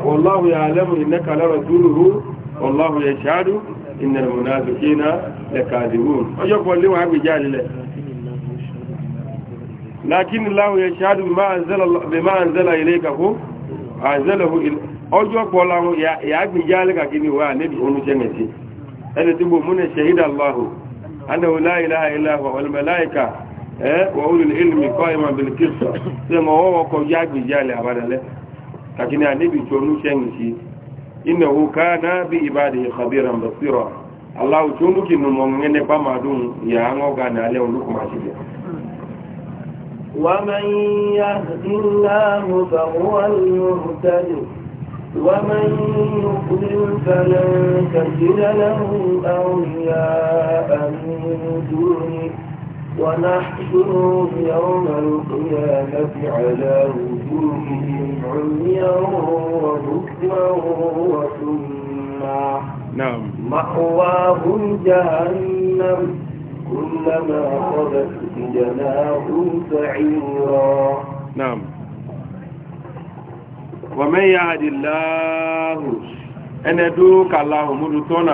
wọláhùn yà lẹ́mù ìnẹ́kàlẹ́rọ̀ dúró wọláhùn yà ṣáádùn innal munafiqina lakadibun ọjọ́ pọ̀ lé wọn àgbèjá lílẹ̀ lakin láwọn yẹ ṣáàdù bí máa ń zẹ́là ilé ìkàkó àzẹ́lẹ̀hu ọjọ́ pọ̀ láwọn ìyàgbèjá lẹ́kàkí ni wà níbi oníṣẹ́mẹ̀tì ẹni tí gbòmú ní ṣehídà láhù أنه لا إله إلا هو والملائكة إيه؟ وأولي العلم قائما بالقصة ثم هو وقو جاك بجالي أبدا لكن يعني بيشونو شنشي innahu kana bi ibadihi khabiran basira allah chungu kinu mongene pa madun ya ngoga na leo nduku mashibia ومن يهد الله فهو المهتد ومن يضلل فلن تجد له أولياء من دونه ونحشرهم يوم القيامة على وجوههم عميا وبكما وسما نعم مأواهم جهنم كلما خبت جناهم سعيرا نعم ومن يهد الله أن يدوك الله مدتون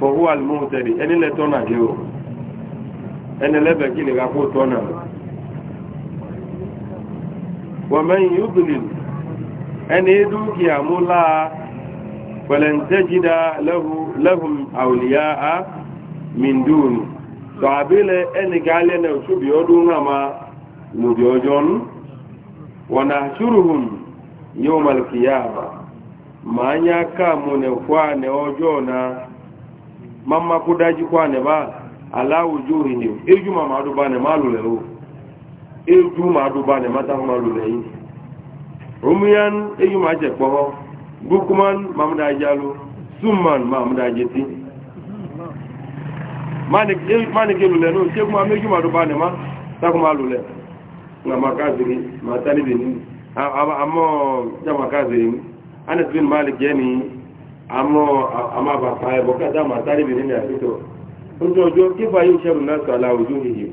فهو المهتدي أن لا تنهيه ẹni lẹ́bẹ̀ kí lè kakó tọ́ náà wọ́n mẹ́yìn yúbìlì ẹni dúkìá múlá pẹ̀lẹ́ntẹ́jìdá lẹ́hùn àwòlíyá á mìndúùnù tọ́ àbílẹ̀ ẹni gálẹ́ náà ṣùbí ọdún náà máa lòdì ọjọ́ nù wọ́n náà yóò malkìyà àbá màá nyá káàmù nẹ̀ fún àná ọjọ́ náà mámakú dájú kó àná báà. ala òrìnjò ejú màmá àdúbà ní má lulẹ̀ o ejú màmá àdúbà ní má táwọn má lulẹ̀ yìí ma jẹ kpọ́họ́ bukuman mamuda ma suman mamuda jeti manike lulẹ̀ ní ma dúbà ní má takuma lulẹ̀ nga ma káàzìrí ma bẹ̀ ní amọ́ makaziri káàzìrí anasibin malik jẹ́ ni amọ́ amaba fa bẹ̀ ojú ọjọ́ kífà yóò ṣẹ́rù náà sọ àlà òjò ìhè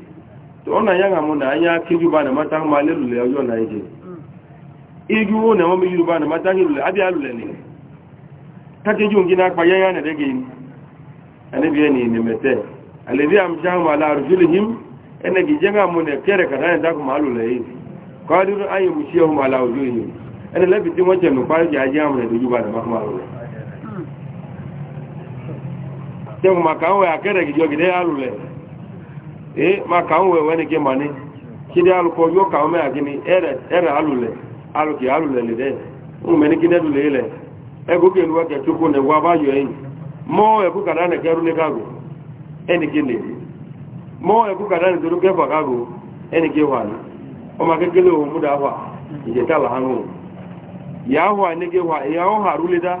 tó ọ̀nà yára mọ́ náà yá kíjú bá nàmá tá ń máa lélùlẹ̀ ọjọ́ náà ìjẹ ijú ó nàmọ́ mi yúrù bá nàmá tá lélùlẹ̀ ábí àlùlẹ̀ ni tákéjú ngi náà payá yá nàdẹ́gẹ̀ ni ẹnibí ẹni ìnìmẹ̀tẹ́ àlèbí àmṣá wọn àlà àrùjú lè yím ẹnẹgì jẹ́ náà mọ́ náà kẹ́rẹ̀ kàdá ní dákùn máa lùlẹ̀ tẹ́kù maka ń wẹ̀ akẹ́rẹ̀ gidi ọ̀gìdẹ́ alu lulẹ̀ ee maka ń wẹ̀ wẹ́ni kí màní kí alu alùkọ yóò kà ọ́ mẹ́yà kí alu ẹ̀rẹ̀ alu alùkì alu lè dẹ́ ń mẹ́ni kí nẹ́dùlẹ̀ lẹ̀ ẹ̀kú kí ẹnuwẹ́ kẹ́ tókù nẹ̀ wá bá yọ ẹ̀yìn mọ́ ẹ̀kú kàdá nẹ̀ kẹ́rú lé kágo ẹni kí lè mọ́ ẹ̀kú kàdá nẹ̀ torí kẹfà ẹni wà ní ọmọ òun múdà wà ìjẹta yà wà wà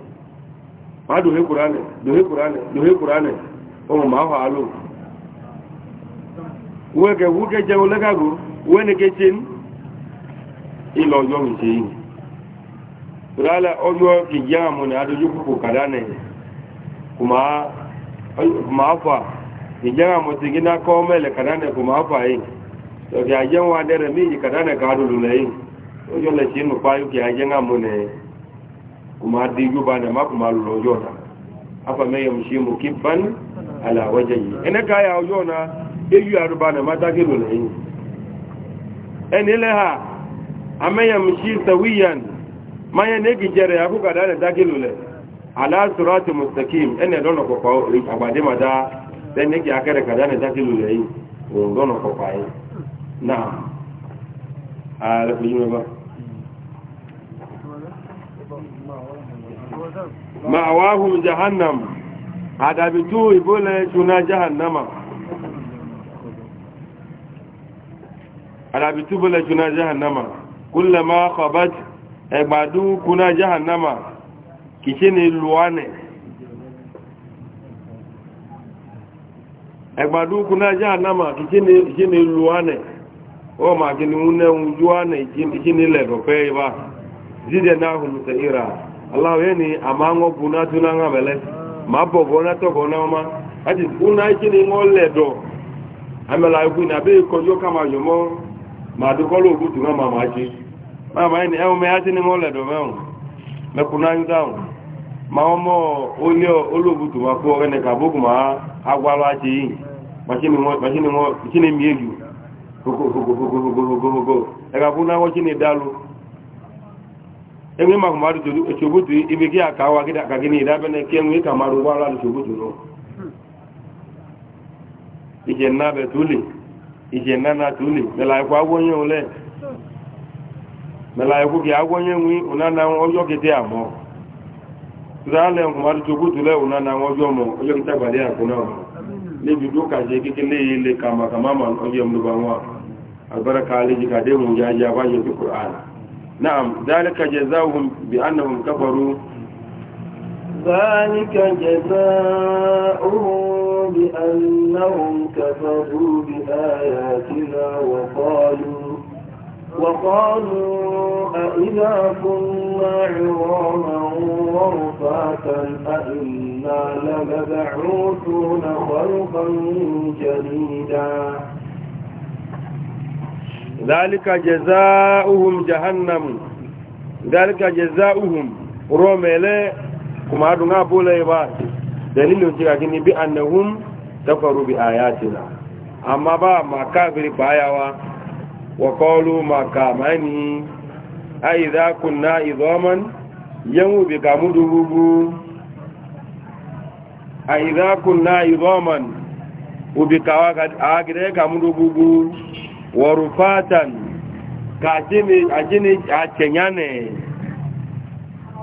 máa dòhé kùránẹ̀ dòhé kùránẹ̀ dòhé kùránẹ̀ ohun máa wà lò wẹ́kẹ̀ wúkẹ́ jẹun lẹ́gàgò wẹ́nìkẹ́ ṣe ń ilọ̀ ọjọ́ mi ṣe yìí rálẹ̀ ọjọ́ ìjẹ́ àmọ́ ni adójú púpọ̀ kàdánẹ̀ kò máa fà ìjẹ́ àmọ́ ti gíná kọ́ mẹ́lẹ̀ kàdánẹ̀ kò máa fà yìí ọ̀kẹ́ àjẹ́wọ̀n adẹ́rẹ̀ méjì kàdánẹ̀ kàádùn lẹ́yìn ó yọ lẹ̀ ṣe nù páyókè àjẹ́ àmọ́ nẹ̀ẹ́ kuma adigu bana ma kuma lo jota afa me yamshi mukibban ala wajhi ene ka ya ojona eyu aru bana ma dage lo leyin ene leha ama yamshi sawiyan ma ya ne gijere ya kuka da dage lo le ala sirati mustaqim ene dono ko ko abade ma da den ne ki akere ka da ne dage lo leyin o dono ko pa yi na ala ko ba ma'awahum jahannam adabitu ibole juna jahannama adabitu ibole juna jahannama kullama khabat egbadu kuna jahannama kishini luwane egbadu kuna jahannama kishini kishini luwane o ma kini unne unjuane kishini ledo peiba zide nahum sa'ira ala yẹn ni àmà ń wọ́n bu náà tún náà na hàmẹ́lẹ́ ma bọ̀ bọ́ náà tọ̀kọ̀ náà má àti kúnà ìkí ni wọ́n ma dọ̀ ma ikú ni àbẹ́ ìkọjọ́ ká máa yọ̀ mọ́ màá dúkọ́ lóògùn tún náà màá ṣe máa ni ni mi enwe ma kumaru chobutu ibe ki aka wa gida ka gini da bene ki enwe ka maru wa la chobutu no ije na be tuli ije na na tuli me la kwa wonye ole me la ku ki agwonye nwi una na ojo kete amo zale kumaru chobutu le una na ojo mo ojo kita gbali akuna na le bi do ka je kekele le kama kama ma ojo mdu banwa albaraka leji ka de mu jaji abaje ti qur'an نعم ذلك جزاؤهم بأنهم كفروا ذلك جزاؤهم بأنهم كفروا بآياتنا وقالوا وقالوا أئذا كنا عظاما ورفاتا أئنا لمبعوثون خلقا جديدا ذلك جزاؤهم جهنم ذلك جزاؤهم رومل كما دون ابو ليبا دليل تيغني بانهم كفروا باياتنا اما با ما كافر بايوا وقالوا ما كامني اذا كنا عظاما يوم بكامدوغو اذا كنا عظاما وبكاوا اغري كامدوغو warufatan ka ajini a kenya ne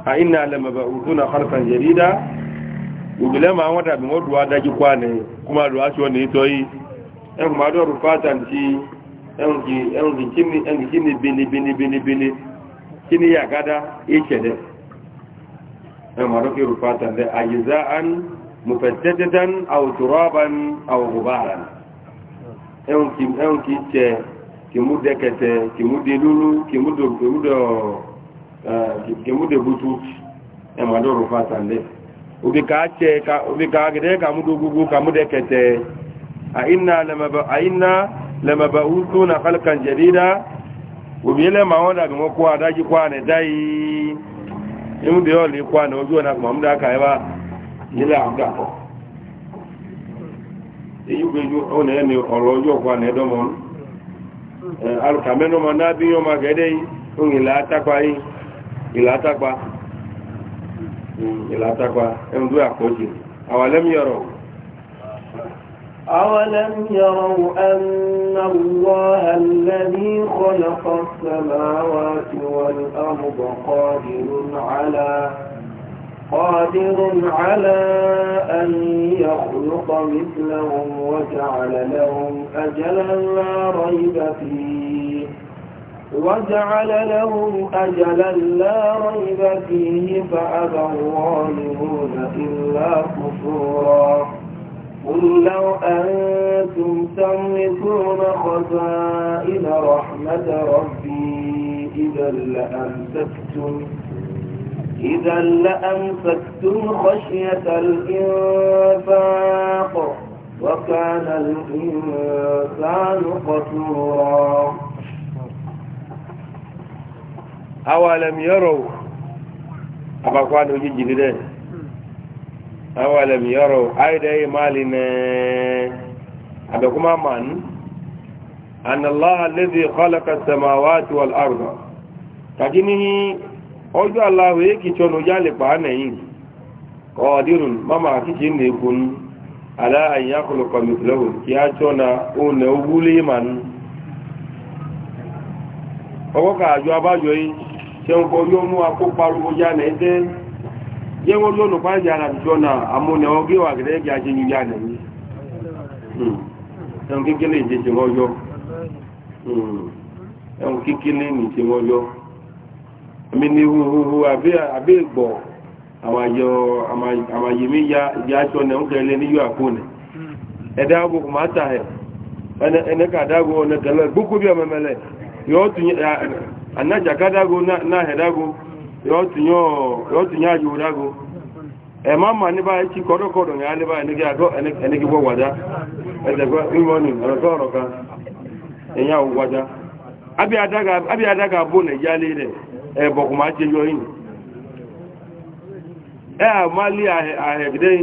a ina lamaba utuna harfan jarida ubile ma wata bi wadu wa daji kwa ne kuma da wasu wani ito yi en kuma da rufatan bini bini bini bini kini ya gada ike de en kuma da rufatan da ajiza'an mufaddadatan aw turaban ẹ̀hún kì í tẹ kìmú dẹkẹtẹ kìmú de lúlú kìmú de kìmú de ọ kìmú de butu ẹ̀mọ́ adọ́rọ̀ fún àtàlẹ́ òbí ká tẹ ká òbí ká gẹ̀dẹ́ kàmú do gbogbo kàmú dẹkẹtẹ àyínà lẹ́mẹ̀bà àyínà na wútó nà kálíkà jẹ̀dídá òbí dàbí wọn kó adájú kó àná dá yìí ẹ̀mú de kó àná ojú ọ̀nà kọ̀ọ̀mú dá kàyẹ́wà àgbà kọ̀ọ̀ eyúgbéjú ọ̀nà ẹni ọ̀rọ̀ ọjọ́ ọ̀pá nẹ́dọ́mọ́ alùkàmẹ́nọ́mọ́ náàbí yọ́ ma gẹ́dẹ́ ohun ìlà atápa yìí ìlà atápa ìlà atápa ẹ̀rùndú àkọ́jì àwàlẹ́mí ọ̀rọ̀ أولم يروا أن الله الذي خلق السماوات والأرض قادر على قادر على أن يخلق مثلهم وجعل لهم أجلا لا ريب فيه وجعل لهم أجلا لا ريب فيه فأبى الظالمون إلا كفورا قل لو أنتم تملكون خزائن رحمة ربي إذا لأمسكتم إذا لأنفكتم خشية الإنفاق وكان الإنسان قتورا أولم يروا أبقوان وجي جديد أولم يروا أيضا مالنا أبقوا من أن الله الذي خلق السماوات والأرض تجنه ọjọ́ aláwọ̀ èkì chọ́nù já lè pàá nẹ̀yìn ọ̀dírùn mama àkíkí ní ikun aláàyìn akọlùkọ mìtìlẹ́wò kí á chọ́nà òun ogúlé ìmànú ọgọ́kà àjọ abájọ yìí ṣe ń kọ yóò mú akópa rúgbójá nẹ̀ ẹ́dẹ́ mini huhuhu abe gbɔ amayɔ mi ya yatsɔ nɛ ŋkɛ lɛ ni yɔ akpo nɛ ɛdɛ abo kò má ta yɛ ɛnɛ ɛnɛ ka dago ɔnɛ kɛlɛ gbogbo bi ɔmɛmɛ lɛ yọ dago na hɛ dago yɔ tu nyɛ ọ yọ tu dago ma ne ba etsi kɔdɔkɔdɔ ŋa ne ba wada kan wada abi adaga adaga ẹ̀bọ̀ kò máa jẹyọ yìí ẹ àmàlì àhẹ̀gẹ́dẹ́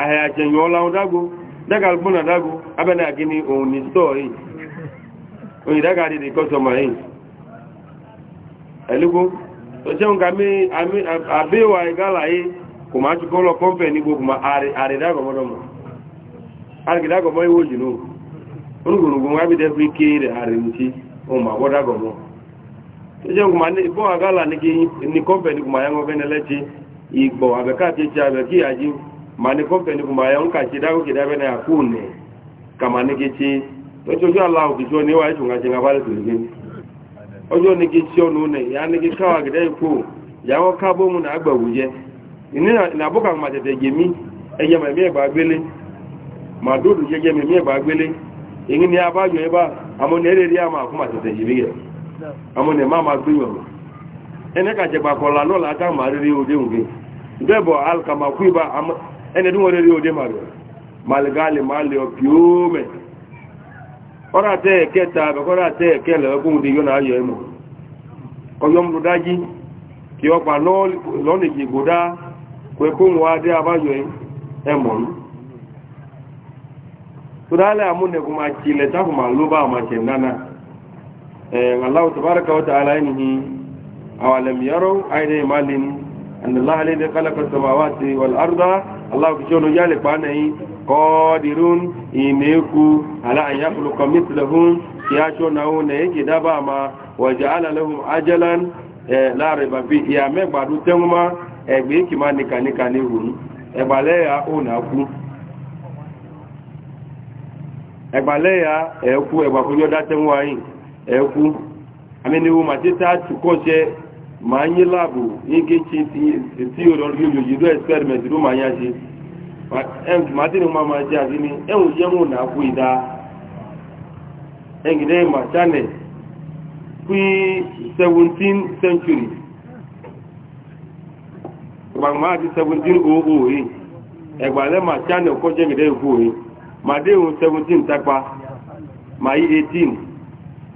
àhẹ̀ àjẹyàn ọláhun dágó dágàlùgbọ́nà dágó abẹ́nà àgíní òun ní di kọ́sọmà yìí ẹ̀lúkó tó ṣe ń ka mí àbẹ́wà ìgálà kò máa ti kọ́lọ̀ ní gbogbo àrẹ̀dágọ̀mọ́dọ̀mọ́ eje kuma ne bo agala ni ki ni company kuma yango bene leti igbo abeka ti ti abeki aji ma ni company kuma yango ka ti dawo ki dabe na akune kama ni ki ti ojo jo ala obi jo ni wa ju nga jinga bale tu ni ojo ni ki ti onu ne ya ni ki ka wa gide ku yawo ka bo mu na agba wuje ni na na boka e e e ma tete gemi eye ma mi egba gbele ma dodu jeje mi mi egba gbele yin ni abajo eba amoni ere ri ama kuma tete gemi gere àmọ́ ní máa ma gbé yọ̀rọ̀ ẹni ka jẹgba kọla náà ma àmà rírí òde òde bẹ́ẹ̀bọ̀ alkama kú ibà ẹni tí rírí òde màrẹ̀ ma máa lè ọ̀pì ọ̀rọ̀ te ẹ̀kẹ́ ta àbẹ̀kọ́rọ̀ àtẹ́ ẹ̀kẹ́ di yọ́nà ayọ̀ ẹ̀mọ̀ ọyọ́mùdájí kí ọpa lọ́nìkì gbòdá والله تبارك وتعالى إنه أولم يروا أين مالين أن الله الذي خلق السماوات والأرض الله كشون يالك بانه قادرون إنيكو على أن يخلق مثلهم كياشون هون يجي دباما وجعل لهم أجلا لا ريب فيه يا مبادو تنما ẹgbẹ́ kì máa nìkà nìkà ní ìrònú ẹgbàlẹ́yà ònà kú ẹgbàlẹ́yà ẹ̀kú ẹgbàkójọ́ dátẹ́wọ́ ayìn ekwu ameniwu ma teta tukọche ma anyị labụ ikechi tioriojido esperiment ruo ma anya ji ma dịrị mma ma ji adịni enwụji enwụ na akwụ ida engide ma chane kwi 17 century gbagba 1700 ẹgbàlẹ́ ma ekwu oyi ma dịrị 17 ma 18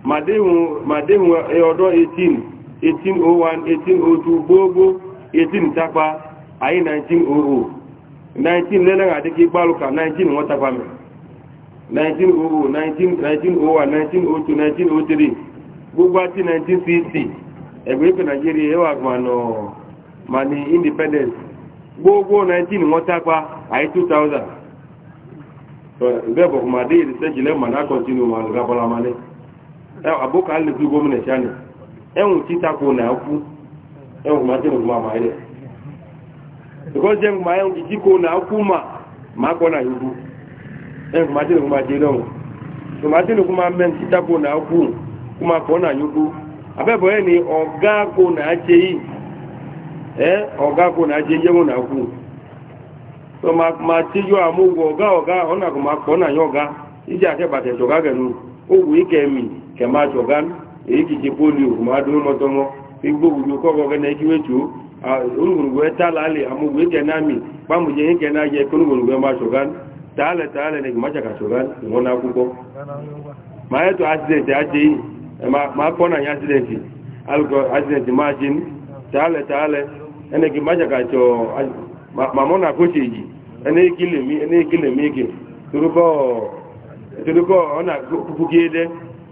màdéhùn ọdọ́ 18 1801 1802 gbogbo 18 tapa ayé 1900 19 lẹ́lẹ́rìn àdékí gbálùkà 19 wọ́n tapa mẹ́ 1900 1901 1902 1903 gbogbo àti 1960 ẹgbẹ́ ìpè nàìjíríà ẹwà gbọ́nà mani independence gbogbo 19 wọ́n tapa ayé 2000 bẹ́ẹ̀ bọ̀kùnmàdé ìrìsẹ́jìlẹ́ mọ̀ náà kọ́ntínú mọ̀ àgbàbọ́lá mọ́ náà àbókà lè fi gómìnà ṣáni ẹ̀hùn títàkù náà kú ẹ̀hùn máa tẹ́lẹ̀ máa máa rẹ̀ na jẹ́ máa ẹ̀hùn ìtíkò náà kú mà máa kọ́ náà yóò ẹ̀hùn máa tẹ́lẹ̀ máa jẹ́ lọ́wọ́ tó máa tẹ́lẹ̀ máa mẹ́ títàkù náà kú kú máa náà yóò abẹ́bọ̀ ẹ̀ ni ọ̀gá kò náà ṣe yìí ẹ̀ ọ̀gá kò náà yẹ́wọ̀n náà kẹma tọ̀gán èyí kìí ṣe polio ma dún mọ́tọ́mọ́ fi gbóògbò kọ́kọ́ kẹ́nà ìkíwé tó olùgbòǹgbò ta lálẹ́ àmúgbò ìkẹ́nàmì pàmùjẹ́ ìkẹ́nà yẹ kọ́lùgbòǹgbò ma tọ̀gán tààlẹ̀ tààlẹ̀ ní kìí ṣàkà tọ̀gán ìwọ́n akúkọ́ ma yẹ́ tó accident àti ma kọ́nà yẹn accident alùpùpù accident máa ṣe ní tààlẹ̀ tààlẹ̀ ẹnì kìí ṣàkà tọ̀ màmọ́nà kó ṣe yìí ẹni ìkìlẹ̀ mí ẹni ìkìlẹ̀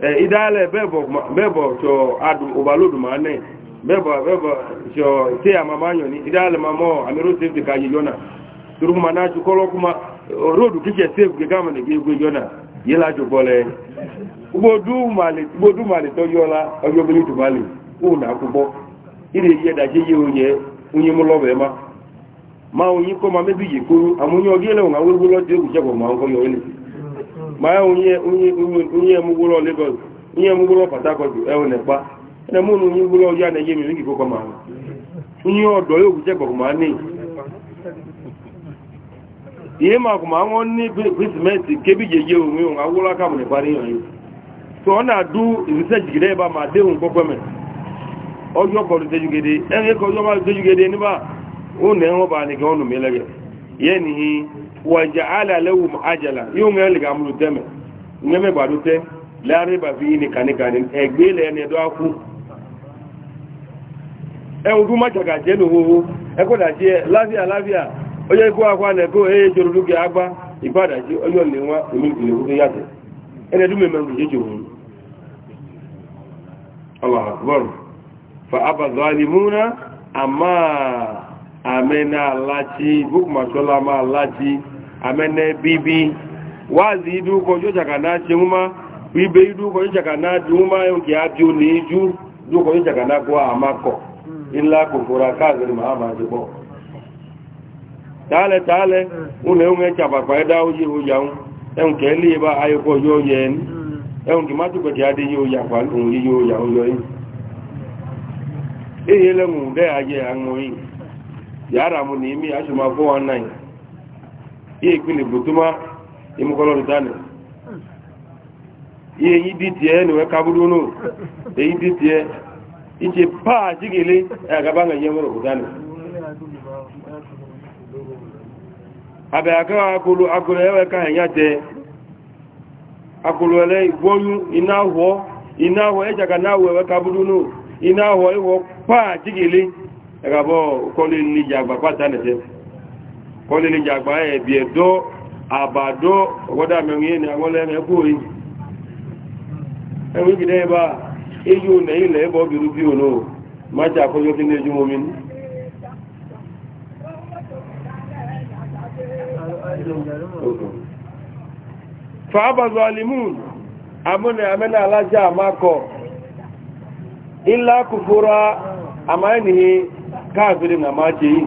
Eh, idale bebo bebo cho adu ubaludu mane bebo bebo cho te amamanyo ni idale mamo amirusi vdi kaji jona turu mana chukolo kuma rodu kiche sevu kikama ni kikwe jona yela chukole ubodu mali ubodu mali to yola ayobilitu mali una kubo ili yeda jiji unye unye mulobe ma ma unyiko mamebiji kuru amunyo gile unawurugulo tiyo kuchako maungo yoyeli ma ya onye emugworo legos onye emugworo patakọt ewenekpa na mụ na onye ngworo ọjọọ na-eji emiri gị gwakwa ma onye ọdọ ya ogwuche gbọrọ ma nne ihe ma akwụ ma anwụ nne nke bi onwe onwe agwụrụ aka bụ nekpara ihe so ọ na-adụ irise jigide ebe a ma dịhụ eme ọjọọ enwe e a ụnụ enwe ọba ọnụ wàjà alàlẹ́wò àjàlá yóò mẹ́rin lè ga amúlò tẹ́mẹ̀ ńgẹ́mẹ́ gbàdó tẹ́ láàrin bàfi yìí ni kàníkàní ẹ̀gbẹ́ lẹ́ni ẹ̀dọ́ akú ẹ̀hùn tó májàkà jẹ́ ní owó ẹkọ́dàjí ẹ láfíà láfíà ó yẹ kó akọ́ anẹ̀kọ́ èyí jọrọ lókè agbá ìpàdàjí ọyọ́ lè amene bibi wazi iduko ko joja kana chuma bibe idu ko joja kana duma yonki abju ni ju du ko joja kwa amako mm. illa kufura kazi maama jibo tale tale mm. une unge chapa e kwa eda uji hujaun yonki mm. e liba ayoko yoyen yonki matu kwa yíyẹ ìpínlẹ̀ gbòtúmá ìmúkọlọ́ ní dání yíyẹ yí dí tiẹ̀ ní wẹ́ kábúrú nù èyí dí tiẹ̀ ìṣe páà sígèlé àgàbá yẹ mọ́rọ̀ kò dání. abẹ́ àkàrà ká ẹ̀yà ìgbóyún iná wọ́ iná wọ́ ẹ̀jàgà náà nù iná kọ́ni ní jàgbá ẹ̀bí ẹ̀dọ́ àbàdọ́ ọgọ́dá mẹ́rin ní àwọn lẹ́rin ẹkú orí ẹ̀rùn ìgbìdẹ́ ẹbá èyí ò nẹ̀yìn lẹ́ẹ̀bọ́ bìrú bí òun náà má jà kọjọ́ kí ní ojú omi ní fàábàzọ̀ alimun amúnẹ̀ amẹ́nà alájá àmákọ̀ ilá kòfòrò àmáyìnìyàn káàkiri nà máa jẹ yìí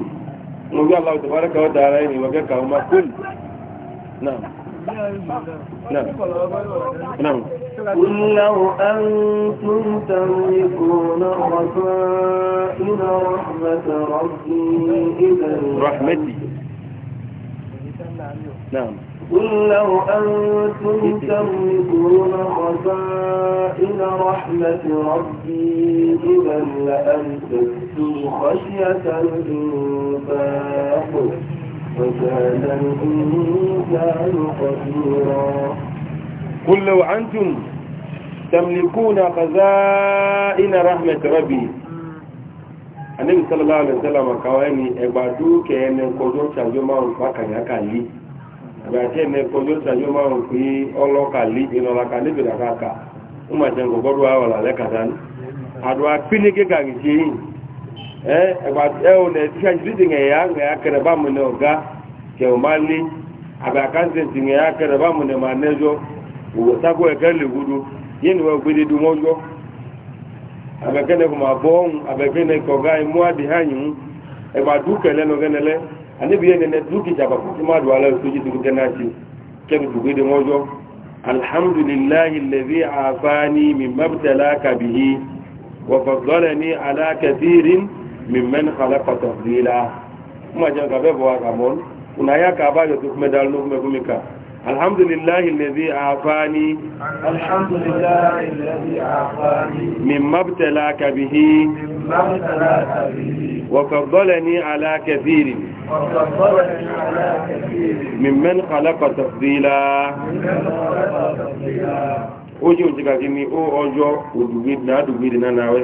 نبي الله تبارك وتعالى وجهك وما كل نعم نعم نعم قل لو أنتم تملكون خزائن رحمة ربي إذا رحمتي نعم قل لو أنتم تملكون خزائن رحمة ربي إذا لأمسكتم خشية الإنفاق وكان الإنسان قديرا قل لو أنتم تملكون خزائن رحمة ربي anabi sallallahu alaihi wasallam kawa ni egbadu ke ene kojo chajo ma o pa kan aka li aba te ene kojo chajo ma o pe olo ka li ino la ka lebi da ka ka o ma je ngo bodu awala le ka dan adwa pinike ka ngi ẹwọ eh, na eh, tisha jiridi nga ya nga ya kere ba mu ne oga ke o ma li abe akantanti nga ya kere ba mu ne ma ne zo wo sago eke le gudu ye ni wo gbede du mo zo abe kene ko ma bo ohun abe kene ko ga imu adi ha nyu ẹgba du kele no gene le ani bi ye ne du ki jaba ko ma du ala so ji du gene achi ke du gbede mo zo alhamdulillahi alladhi afani mimma btalaka bihi وفضلني على كثير mimman khalaqa tafdila kuma jan ka bebo ka mon una ya ka ba yo kuma dal no kuma kuma ka alhamdulillahi alladhi afani alhamdulillahi alladhi afani mimma btalaka bihi mimma btalaka bihi wa faddalani ala kathirin mimman khalaqa tafdila ojo jigagini o ojo oduwi na aduwi na nawe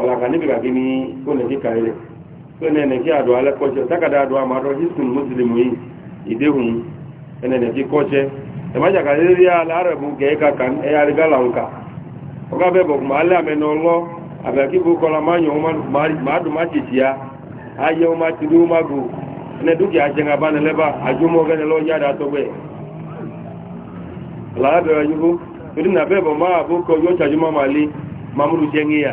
ọ̀làkà níbi kàkí ní kónìkí kàílẹ̀ tó ní ẹnẹ̀kí àdó alẹ́kọ́ṣẹ́ tákàdá àdó àmàdọ́ houston muslim yìí ìdéhùn ẹnẹ̀kí kọ́ṣẹ́ ẹ̀májàkà lérí alárẹ̀bù kẹ́ẹ̀ka kan ẹ̀yà arígálàǹkà ọ̀gá bẹ́ẹ̀ bọ̀kùn máa lẹ́ àmẹ́nà ọlọ́ àbẹ̀kí bó kọlá máa yàn máa dùn máa tètè ya ayé wọn máa ti rí wọn máa gò ẹnẹ dúkìá jẹun abánilẹ́bà àjọmọ́ ọ̀gẹ́ni lọ́ọ́ yára tọ́gbẹ́ làábẹ̀rẹ̀ yìí bó torí nàbẹ́ẹ̀bọ̀ máa bó kọjú ọ̀ṣàjúmọ́ màlẹ́ mamúlù jẹ́ ń yíyà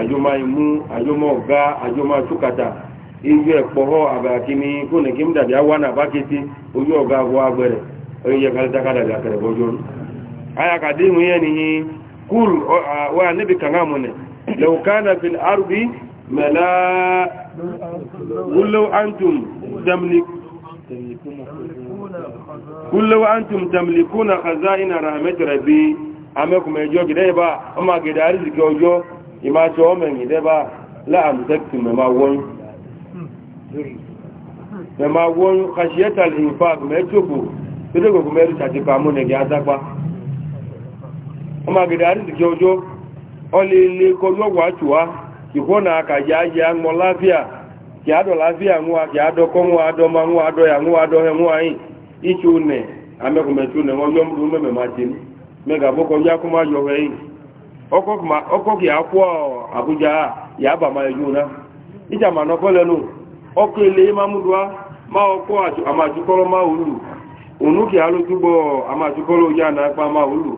àjọmọ imú àjọmọ ọ̀gá àjọmọ àtúkàtà iye ẹ̀pọ̀họ́ àbàkíní kó ní kí ń dàbí àwọn àbákété ojú ọ̀gá àwọ agbẹ̀rẹ̀ oye kalitakada gàkẹ̀rẹ̀ bọ́jọ́ ayakadé ìwọ̀n yẹn nìyí kúl wà níbi kàn án múnẹ̀ lẹ́wọ̀kánà fi àrùbí mẹ́lá wúlọ́wọ́ àǹtùm tamlikuna kàzá ìnà ràmẹ́tẹ̀rẹ̀ ìmá tí ọ mẹ̀yìn dẹ́bà láàmù tẹ́kì mẹ́má wọ́n mẹ́má wọ́n kàṣíyẹ́tà lè fà mẹ́tòkò tó dé gbogbo mẹ́rin ṣàtìpá amúnẹ̀gẹ̀ adágbá ọmọ àgẹ̀dẹ̀ àríṣìkẹ́ ọjọ́ ọlẹ́ ilé kọjọ́wà tùwá ìkọ́nà àkàjá yẹ àmọ́ láfíà kì á dọ̀ láfíà ń wá kì á dọ̀ kọ́ ń wá adọ́ máa ń wá adọ́ yà ń wá adọ́ ẹ̀ ń wá ọkọ̀ kí a kọ́ àbújá yàbà máa yóò náà níta ma nọ́kọ́ lẹ́nu ọkọ̀ ilé ma mú duá ma ọkọ̀ àmàjúkọ́lọ́ máa wùlù onúkì alójúgbọ́ àmàjúkọ́lọ́ ojá náà pa máa wùlù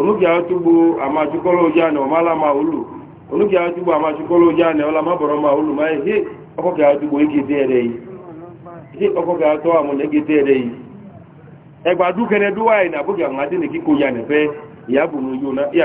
onúkì alójúgbọ́ àmàjúkọ́lọ́ ojá náà ọmọ aláma wùlù onúkì alójúgbọ́ àmàjúkọ́lọ́ ojá náà ọlọ́mọ́bọ̀rọ̀ máa wùlù máa ẹ̀ ẹ̀ ọkọ̀ kí a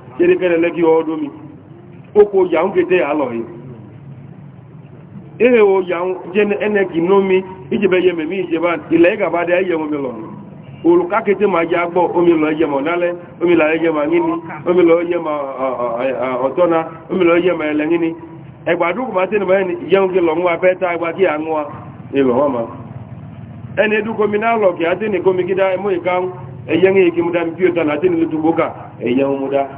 jẹ́rí kẹ́lẹ̀ lẹ́kí ọdún mi ó kò yàún kété àlọ́ yìí ihe o je jẹ́ ẹnẹ́kì nómi ìjẹ̀bẹ̀ yẹmẹ̀ mí ìjẹba ilẹ̀ ìgàbá dẹ́ mi lọ òrùká kété máa jẹ́ agbọ́ omi lọ ẹyẹmọ nálẹ́ omi lọ ẹyẹmọ níní omi lọ ẹyẹmọ ọ̀tọ́na omi kí ma kí á dá ẹmú ìkáhùn ẹyẹn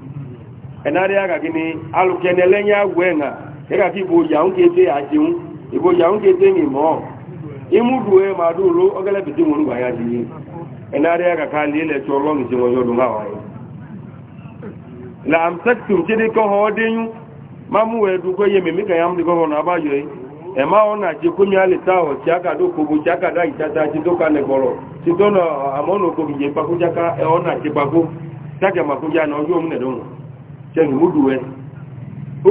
enarị a ga gịnị alụkenele nye agwe na ịgaka bụ ji anwụ ka ete ya ajiwu igbo ji anwụ ka ete nye ma dụruo ogelebite nwere ngwa ya ga ka lie lecha ọlọ ma mụ ya ememe ka ya m tí a ká tó kogbo tí a tí tó ká lẹ̀gbọ̀rọ̀ tí tó nà àmọ́nà kogbo ìyẹ̀pàkó jáká ẹ̀ọ́nà àti náà chẹ́ni múdù ẹ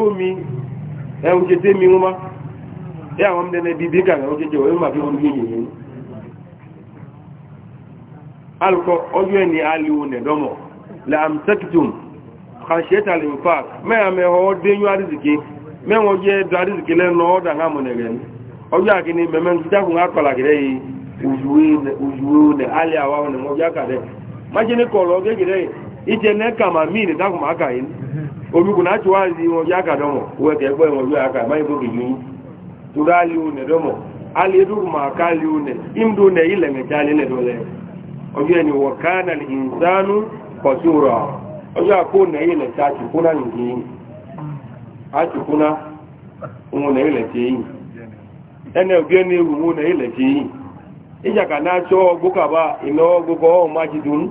omi ẹ̀hún ṣe tẹ́ mi wọ́n má ẹ àwọn ọmọdé náà dìde kàrẹ̀ ẹ̀hún ṣe jẹ́ ọ̀hún màbí wọn gbé yìnyín alùkọ ọjọ́ ẹni aliwo nẹ̀dọ́mọ̀ làmsẹ́kìtùm kàṣẹ́tà lè fà mẹ́àmẹ́ ọwọ́ jẹ́ kọ̀ọ̀lọ́ ije ne mi mini da kuma aka yin omi kuna ci wa zi wọn ya ka dọmọ wẹ kẹ gbọ wọn ya ka mayi bobi yi tura ali une dọmọ ali edu ma ka ali une imdu ne ile me ta ali ne dole obi ẹni wọ kana ni insanu kọtura obi ako ne ile ta ti kuna ni ki a ti kuna wọn ne ile ti yi Ene obi ẹni ewu wọn ne ile ti yi ijaka na chọ gbukaba ina gbukọ ọmọ ajidun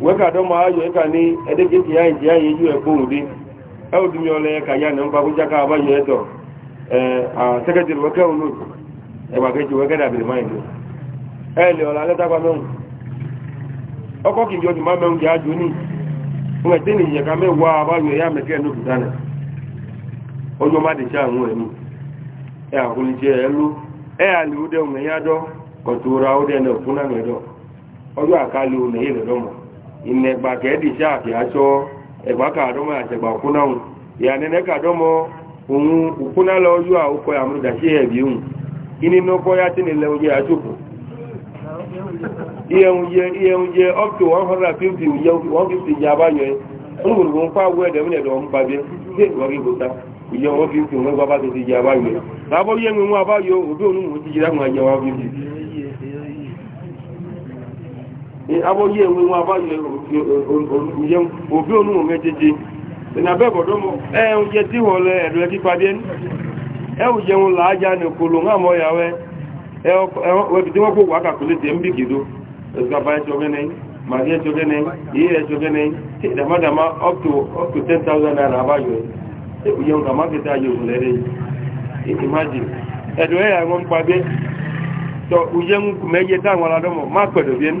weka dɔ ma ayɔ eka ni ɛdeke ti ayi ti ayi edu ɛkpɔn de ɛwɔ ya na nkpa kodza kaba yɔ ɛtɔ ɛɛ e, A sɛkɛtiri nwoke wo n'otu ɛgba kɛtsi wɛkɛ da bene ma yi ma adu ni ya mɛkɛ n'otu na. nɛ ɔyɔ ma de tsi aŋɔ ɛnu elu kolitsɛ ɛlu ɛyà ya dọ kɔtu ra wo na ŋɛ dɔ aka akaliwo inegba e ka edishi aki achọ egba ka adọmọ achegba kwụnanwụ ya nene ka adọmọ onwu ukwụnala oyu a ụkọ ya mụrụ ya ebi unwu kini n'ụkọ ya tinile onye ya chụpụ ihe nwuje ihe nwuje up to 150 uje ihe nwe nwa abanye obi onugwu ojijiri ahụ aje abọ́yé ẹ̀wọ̀n wọn abáyé òbí onúmọ̀ méjèèjì ìnàbẹ́ bọ̀dọ́mọ̀ ẹ̀hùn jẹ tí wọ́n lẹ ẹ̀rọ ẹ̀kí padé ẹ̀hùn jẹun làájá ní kòlò ńàmọ́ ẹ̀yà wọn pàgbé táwọn aládọ́mọ̀ má pẹ̀lú bí ẹnu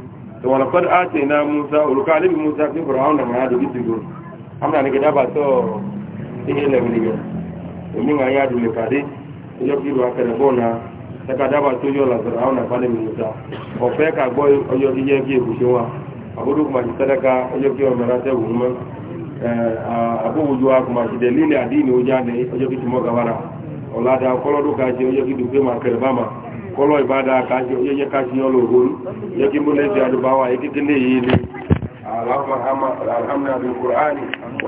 ولقد آتينا موسى ولقال لي موسى في فرعون ما هذا بيتقول أمنا نكدا باتو إيه لمني ومن يا دي مكادي يوكي لو كان بونا تكدا باتو يولا فرعون قال موسى وفك أبوي أيو دي يجي بشوا أبودو ما صدقة أيو كي ومراته وهم أبو وجوا كما دليل الدين وجاني أيو كي تمو غوارا ọ̀làdà ọkọlọ́dún kan ṣe ọjọ́ kí dùgbé máa kẹrẹ̀ bá máa kọlọ ìbádá yẹ́yẹ́ káṣí ọlọ́gbọ́n yẹ́ kí mú lẹ́sẹ̀ àdúbáwà yẹ́ kékeré yìí ni alhamdulillah